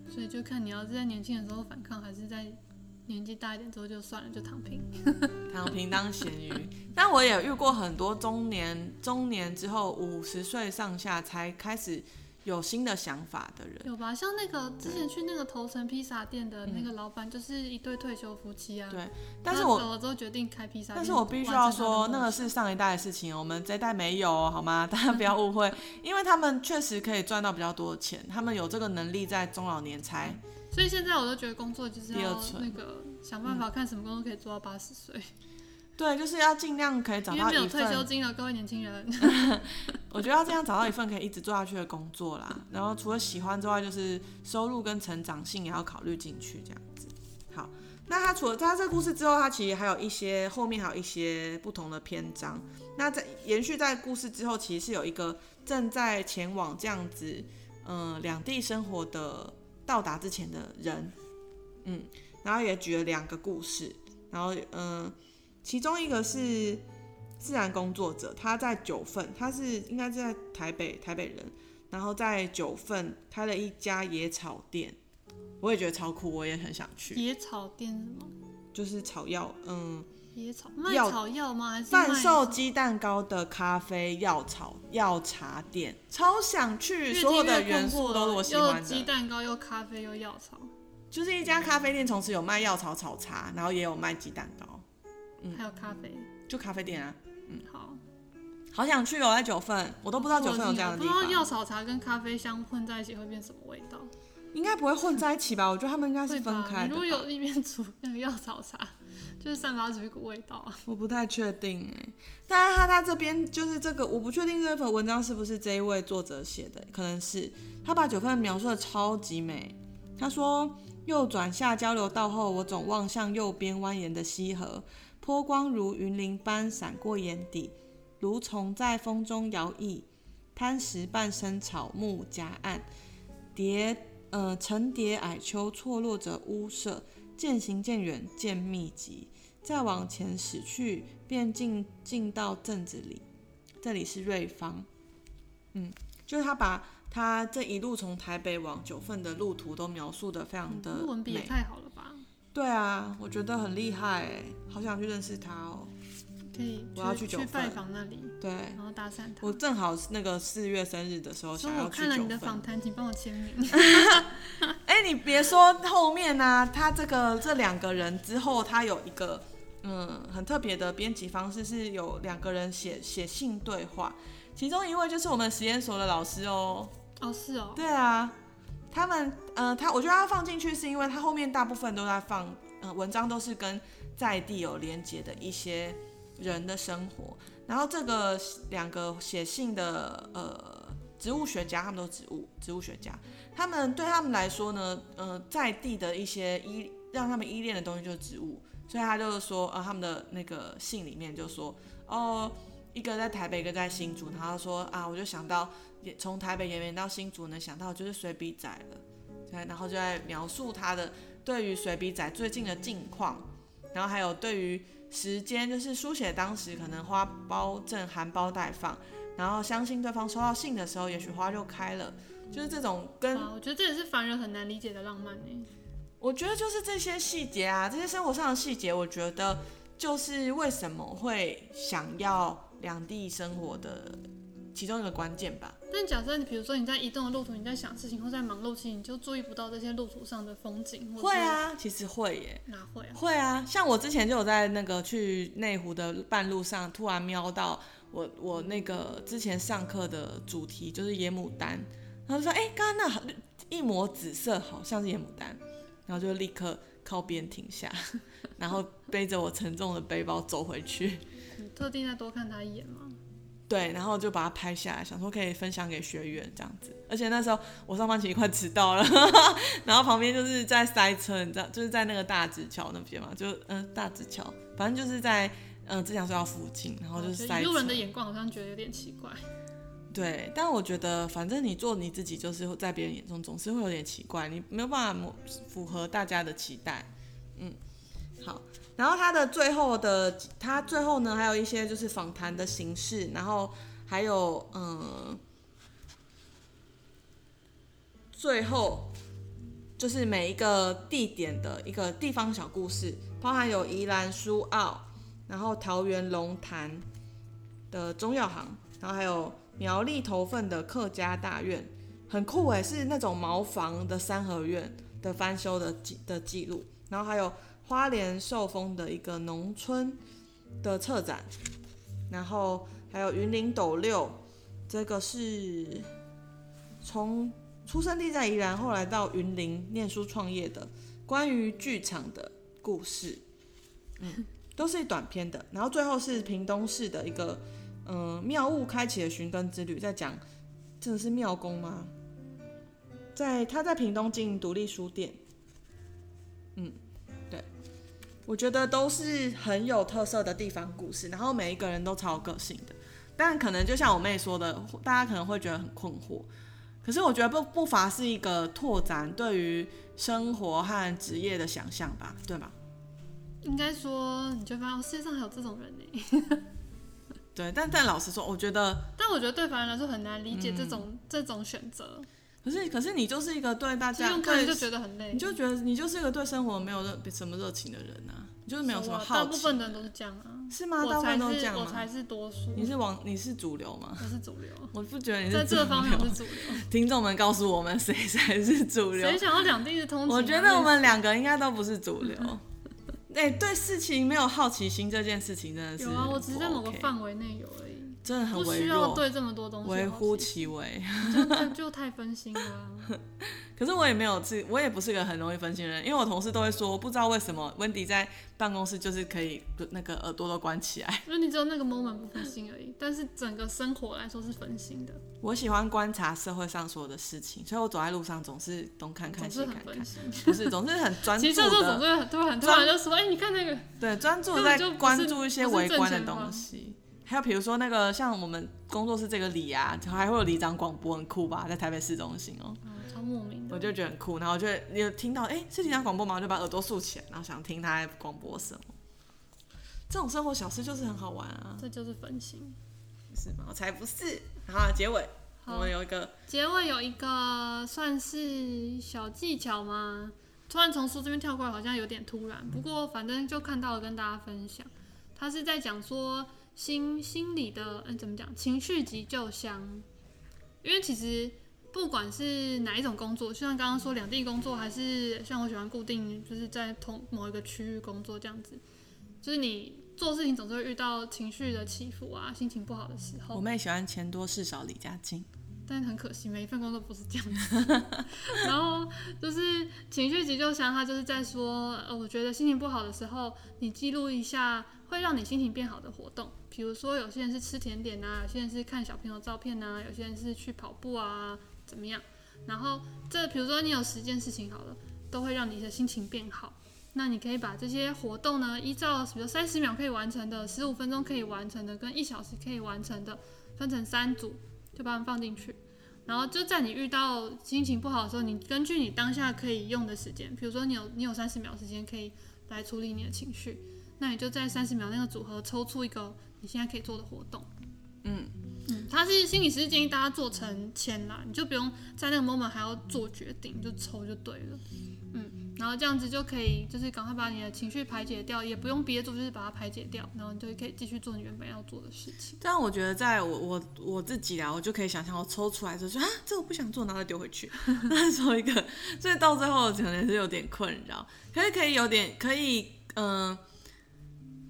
所以就看你要是在年輕的時候反抗，還是在。年紀大一點之後就算了，就躺平， 躺平當鹹魚。但我也遇過很多中年，中年之後五十歲上下才開始有新的想法的人，有吧？像那個之前去那個頭層披薩店的那個老闆，就是一對退休夫妻啊。對。但是我，我之後決定開披薩店。但是，我必須要說，那個是上一代的事情，我們這一代沒有，好嗎？大家不要誤會，嗯、因為他們確實可以賺到比較多的錢，他們有這個能力在中老年才。嗯所以現在我都覺得工作就是要那個想辦法看什麼工作可以做到八十歲。對，就是要盡量可以找到一份沒有退休金的。各位年輕人。 我覺得要這樣找到一份可以一直做下去的工作啦。然後除了喜歡之外，就是收入跟成長性也要考慮進去，這樣子。好，那他除了他這個故事之後，他其實還有一些後面還有一些不同的篇章。那在延續在故事之後，其實是有一個正在前往這樣子，嗯、呃，兩地生活的。到達之前的人，嗯，然後也舉了兩個故事，然後嗯，其中一個是自然工作者，他在九份，他是應該是在台北，台北人，然後在九份開了一家野草店，我也覺得超酷，我也很想去。野草店是嗎？就是草藥，嗯。賣草藥嗎？還是販售雞蛋糕的咖啡藥草藥茶店，超想去！所有的元素都是我喜歡的。又雞蛋糕又咖啡又藥草，就是一家咖啡店，同時有賣藥草草茶，然後也有賣雞蛋糕，嗯、還有咖啡，就咖啡店啊。嗯，好，好想去哦，在九份，我都不知道九份有這樣的地方。不知道藥草茶跟咖啡相混在一起會變什麼味道？應該不會混在一起吧？ 我覺得他們應該是分開的。如果有一邊煮那個藥草茶。就是散發出一股味道，我不太確定，但是他他這邊就是這個，我不確定這篇文章是不是這一位作者寫的，可能是他把九份描述得超級美。他說，右轉下交流道後，我總望向右邊蜿蜒的溪河，波光如雲林般閃過眼底，如蟲在風中搖曳，灘石半生草木夾岸，疊嗯層疊矮丘錯落着屋舍，漸行漸遠，漸密集，再往前駛去，便進進到鎮子裡。這裡是瑞芳，嗯，就是他把他這一路從台北往九份的路途都描述得非常的美，嗯，不文筆也太好了吧？對啊，我覺得很厲害，好想去認識他哦。可以，我要去九份去拜訪那裡，對，然後搭訕他。我正好那個四月生日的時候，想要去九份，所以我看了你的訪談，請幫我簽名。 你別說後面啊，他這個這兩個人之後，他有一個嗯很特別的編輯方式，是有兩個人寫寫信對話，其中一位就是我們拾研所的老師哦、喔。哦，是哦。對啊，他們嗯、呃，他我覺得他放進去是因為他後面大部分都在放嗯、呃、文章，都是跟在地有連接的一些人的生活，然後這個兩個寫信的呃。植物學家，他們都植物。植物學家，他們對他們來說呢，呃，在地的一些依讓他們依戀的東西就是植物，所以他就是說，呃，他們的那個信裡面就說，哦，一個在台北，一個在新竹，然後他說啊，我就想到從台北延綿到新竹呢，能想到就是水筆仔了，對，然後就在描述他的對於水筆仔最近的近況，然後還有對於時間，就是書寫當時可能花苞正含苞待放。然後相信對方收到信的時候，也許花就開了，就是這種，跟我覺得這也是凡人很難理解的浪漫。我覺得就是這些細節啊，這些生活上的細節，我覺得就是為什麼會想要兩地生活的。其中一個關鍵吧。但假設你，比如說你在移動的路途，你在想事情或在忙碌期，你就注意不到這些路途上的風景。會啊，其實會耶。哪會啊？會啊。像我之前就有在那個去內湖的半路上，突然瞄到我我那個之前上課的主題就是野牡丹，然後就說，哎、欸，剛剛那一抹紫色好像是野牡丹，然後就立刻靠邊停下， 然後背着我沉重的背包走回去。你特地再多看他一眼嗎？對，然後就把它拍下來，想說可以分享給學員這樣子。而且那時候我上班其實快遲到了呵呵，然後旁邊就是在塞車，你知道，就是在那個大直橋那邊嘛，就嗯、呃、大直橋，反正就是在嗯自強隧道附近，然後就是塞車。啊、路人的眼光好像覺得有點奇怪。對，但我覺得反正你做你自己，就是在別人眼中總是會有點奇怪，你沒有辦法符合大家的期待。嗯，好。然後它的最後的，它最後呢還有一些就是訪談的形式，然後還有嗯，最後就是每一個地點的一個地方小故事，包含有宜蘭蘇澳，然後桃園龍潭的中藥行，然後還有苗栗頭份的客家大院，很酷誒，是那種茅房的三合院的翻修的記的記錄，然後還有。花蓮壽豐的一個農村的策展，然後還有雲林斗六，這個是從出生地在宜蘭，後來到雲林念書創業的關於劇場的故事，嗯，都是短篇的。然後最後是屏東市的一個嗯，妙、呃、物開啟的尋根之旅，在講這個是妙公嗎？在他在屏東經營獨立書店，嗯。對，我覺得都是很有特色的地方故事，然後每一個人都超有個性的。但可能就像我妹說的，大家可能會覺得很困惑。可是我覺得不不乏是一個拓展對於生活和職業的想象吧，對吧？應該說，你就發現世界上還有這種人呢、欸。 對，但但老實說，我覺得，但我覺得對凡人來說很難理解這種、嗯、這種選擇。可是，可是你就是一個對大家，你就覺得很累，你就覺得你就是一個對生活沒有熱什麼熱情的人、啊、你就是沒有什麼好奇、啊。大部分的人都是這樣啊。是嗎？大部分都是這樣嗎、啊？我才是多數。你是網，你是主流嗎？我是主流。我不覺得你是主流。聽眾們告訴我們，誰才是主流？誰想要兩地的通勤、啊？我覺得我們兩個應該都不是主流。哎對、欸，對事情沒有好奇心，這件事情真的是、不 OK、有啊，我只是在某個範圍內有、欸。真的很不需要對這麼多東西。微乎其微 就，就太分心了、啊。 可是我也沒有自，我也不是個很容易分心的人，因為我同事都會說，不知道為什麼溫迪在辦公室就是可以，那個耳朵都關起來。溫迪只有那個 moment 不分心而已， 但是整個生活來說是分心的。我喜歡觀察社會上所有的事情，所以我走在路上總是東看看西看看，不是總是很專注的。 其實這時候總是很突然，專突然就說：“哎、欸，你看那個。”對，專注的在關注一些微觀的東西。還有，比如說那個像我們工作室這個里啊，還會有里長廣播，很酷吧？在台北市中心、喔，哦，超莫名的，我就覺得很酷。然後我就有聽到，哎，欸，是里長廣播嗎？我就把耳朵豎起來，然後想聽他廣播什麼。這種生活小事就是很好玩啊，嗯，這就是分心，是嗎？我才不是。好，結尾 我有一個結尾有一個算是小技巧嗎？突然從書這邊跳過來，好像有點突然。嗯，不過反正就看到了，跟大家分享。他是在講說。心心理的，嗯，怎麼講？情緒急救箱，因為其實不管是哪一種工作，就像剛剛說兩地工作，還是像我喜歡固定，就是在同某一個區域工作這樣子，就是你做事情總是會遇到情緒的起伏啊，心情不好的時候。我妹喜歡錢多事少，離家近。但是很可惜，每一份工作不是這樣的。 然後就是情緒急救箱，它就是在說，呃，我覺得心情不好的時候，你記錄一下會讓你心情變好的活動。比如說，有些人是吃甜點吶、啊，有些人是看小朋友照片吶、啊，有些人是去跑步啊，怎麼樣？然後這比如說你有十件事情好了，都會讓你的心情變好。那你可以把這些活動呢，依照比如三十秒可以完成的、十五分鐘可以完成的、跟一小時可以完成的，分成三組。就把它放進去，然後就在你遇到心情不好的時候，你根據你當下可以用的時間，比如說你有你有三十秒時間可以來處理你的情緒，那你就在三十秒那個組合抽出一個你現在可以做的活動。嗯嗯，嗯他是心理師建議大家做成籤啦，你就不用在那個 moment 還要做決定，你就抽就對了。嗯。然後這樣子就可以，就是趕快把你的情緒排解掉，也不用憋住，做，就是把它排解掉，然後你就可以繼續做你原本要做的事情。但我覺得，在我我我自己啊，我就可以想象，我抽出來就說啊，這我不想做，拿它丟回去。再抽 一個，所以到最後可能是有點困擾，可是可以有點可以嗯、呃，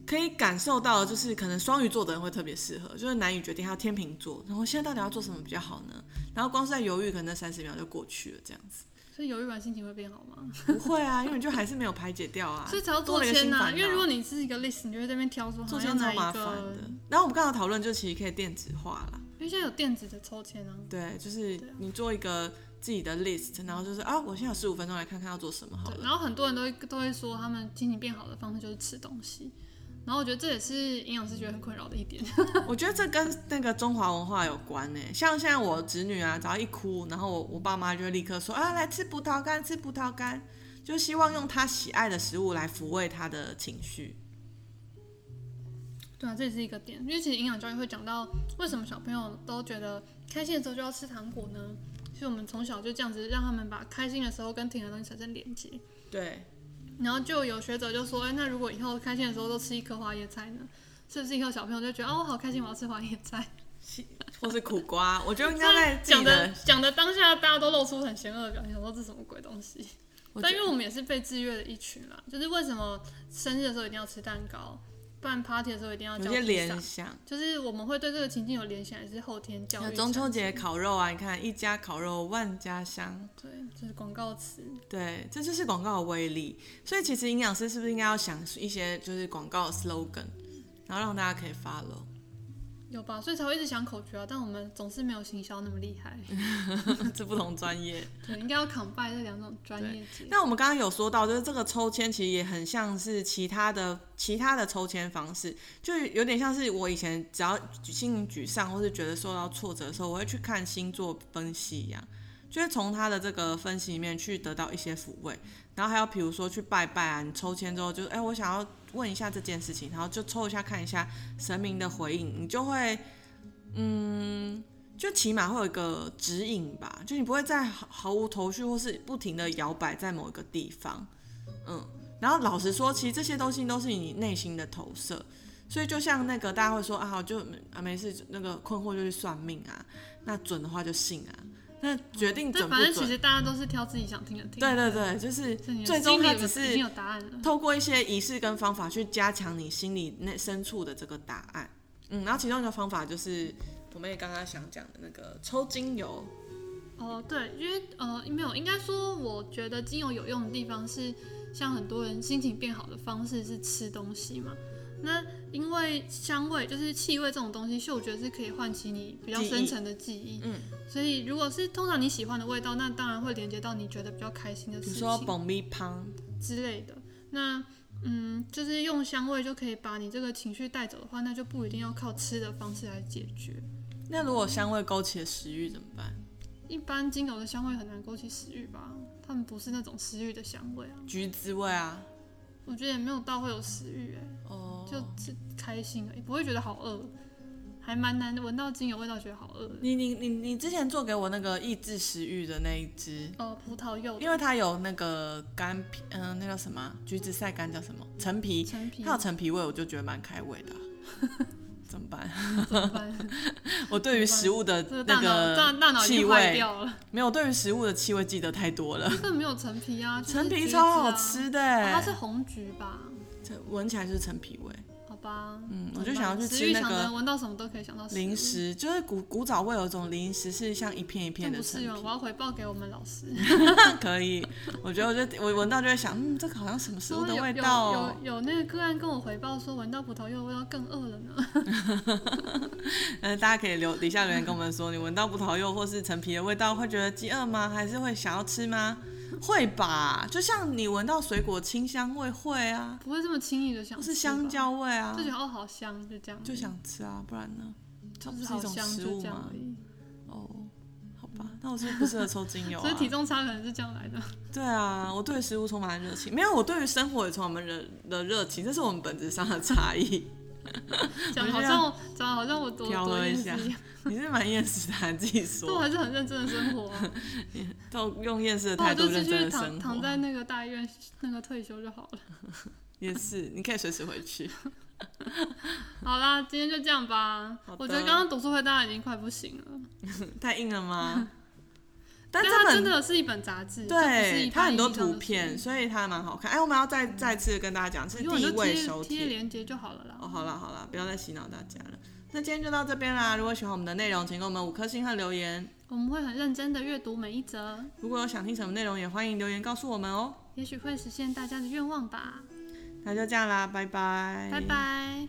可以感受到，就是可能雙魚座的人會特別適合，就是難以決定要天秤座。然後現在到底要做什麼比較好呢？然後光是在猶豫，可能那三十秒就過去了，這樣子。就猶豫完心情會變好嗎？ 不會啊，因為你就還是沒有排解掉啊。 所以才要做籤、啊、個心煩，因為如果你是一個 list，你就會在那邊挑說，還多哪一做籤麻煩的。嗯、然後我們剛剛討論，就其實可以電子化了。因為現在有電子的抽籤啊。對，就是你做一個自己的 list，然後就是啊，啊，我現在有十五分鐘來看看要做什麼好了。對，然後很多人都會都會說，他們心情變好的方式就是吃東西。然後我覺得這也是營養師覺得很困擾的一點。 我覺得這跟那個中華文化有關呢，像現在我侄女啊，只要一哭，然後我我爸媽就會立刻說啊，來吃葡萄乾，吃葡萄乾，就希望用他喜愛的食物來撫慰他的情緒。對啊，這也是一個點，因為其實營養教育會講到，為什麼小朋友都覺得開心的時候就要吃糖果呢？所以我們從小就這樣子讓他們把開心的時候跟甜的東西產生連接。對。然後就有學者就說：“哎、欸，那如果以後開心的時候都吃一顆花椰菜呢？是不是以後小朋友就覺得啊，我好開心，我要吃花椰菜， 是或是苦瓜？我就應該在講的講 的，的當下，大家都露出很嫌惡的表情，說這是什麼鬼東西？但因為我們也是被制約的一群啦，就是為什麼生日的時候一定要吃蛋糕？”辦 party 的時候一定要有些聯想，就是我們會對這個情境有聯想，還是後天教育？中秋節烤肉啊，你看一家烤肉萬家香。嗯，對，這就是廣告詞。對，這就是廣告的威力。所以其實營養師是不是應該要想一些就是廣告的 slogan，嗯，然後讓大家可以 follow。有吧，所以才會一直想口訣啊，但我們總是沒有行銷那麼厲害，是 不同專業， 對，應該要 combine 這兩種專業。那我們剛剛有說到，就是這個抽籤其實也很像是其他的其他的抽籤方式，就有點像是我以前只要心情沮喪或是覺得受到挫折的時候，我會去看星座分析一樣，就是從他的這個分析裡面去得到一些撫慰，然後還有比如說去拜拜啊，你抽籤之後就，哎、欸，我想要。問一下這件事情，然後就抽一下看一下神明的回應，你就會，嗯，就起碼會有一個指引吧，就你不會再毫無頭緒或是不停的搖擺在某一個地方，嗯，然後老實說，其實這些東西都是你內心的投射，所以就像那個大家會說啊好，好就啊沒事，那個困惑就去算命啊，那準的話就信啊。那決定準不準、嗯、反正其實大家都是挑自己想聽的聽。對對對，嗯、就是最終他只是透過一些儀式跟方法去加強你心裡內深處的這個答案。嗯，然後其中一個方法就是我妹剛剛想講的那個抽精油。哦、呃，對，因為呃沒有，應該說我覺得精油有用的地方是，像很多人心情變好的方式是吃東西嘛。那因為香味就是氣味這種東西，嗅覺是可以喚起你比較深層的記憶、記憶。嗯，所以如果是通常你喜歡的味道，那當然會連接到你覺得比較開心的事情，比如說爆米香之類的。那嗯，就是用香味就可以把你這個情緒帶走的話，那就不一定要靠吃的方式來解決。那如果香味勾起食慾怎麼辦？一般精油的香味很難勾起食慾吧？他們不是那種食慾的香味，啊，橘子味啊，我覺得也沒有到會有食慾哎、欸。哦。就是開心不會覺得好餓，還蠻難聞到精油味道，覺得好餓你。你你你你之前做給我那個抑制食慾的那一隻哦、呃，葡萄柚，因為它有那個乾皮，嗯、呃，那叫什麼？橘子曬乾叫什麼？陳皮，陳皮它有陳皮味，我就覺得蠻開胃的。 怎麼辦？麼辦 我對於食物的那個，氣味個大腦、這個、大腦已經壞掉了。沒有，對於食物的氣味記得太多了。根本 沒有陳皮啊，陳、就是啊、皮超好吃的、啊，它是紅橘吧？聞起來是陳皮味，好吧。嗯，我就想要去吃那個。聞到什麼都可以想到零食，就是古古早味，有一種零食是像一片一片的陳皮。不適用，我要回報給我們老師。 可以，我覺得我就我聞到就會想，嗯，這個好像什麼食物的味道。有有，有，有那個個案跟我回報說，聞到葡萄柚的味道更餓了呢。哈哈哈哈哈哈。嗯，大家可以留底下留言跟我們說，你聞到葡萄柚或是陳皮的味道，會覺得飢餓嗎？還是會想要吃嗎？會吧，就像你聞到水果清香味，會啊，不會這麼輕易的香。想是香蕉味啊，就覺得哦好香，就這樣，就想吃啊，不然呢？嗯就是、這不是一種食物嗎？哦，oh, 好吧，那我是不是不適合抽精油、啊、 所以體重差可能是這樣來的。對啊，我對食物充滿熱情，沒有我對於生活也充滿了熱情，這是我們本質上的差異。好像，我得好像我多你是蠻厭世的、啊，自己說。這還是很認真的生活。都用厭世的態度繼續躺。 躺在那個大醫院，那個退休就好了。也是，你可以隨時回去。 好啦，今天就這樣吧。的我覺得剛剛讀書會大家已經快不行了。 太硬了嗎？ 但它真的是一本雜誌，對，它很多圖片，所以它還蠻好看。哎，我們要再再次跟大家講、嗯、是地味手帖因為，我就貼、貼連結就好了啦。哦，好了好了，不要再洗腦大家了。那今天就到這邊啦。如果喜歡我們的內容，請給我們五顆星和留言，我們會很認真的閱讀每一則。如果有想聽什麼內容，也歡迎留言告訴我們哦、喔。也許會實現大家的願望吧。那就這樣啦，拜拜。拜拜。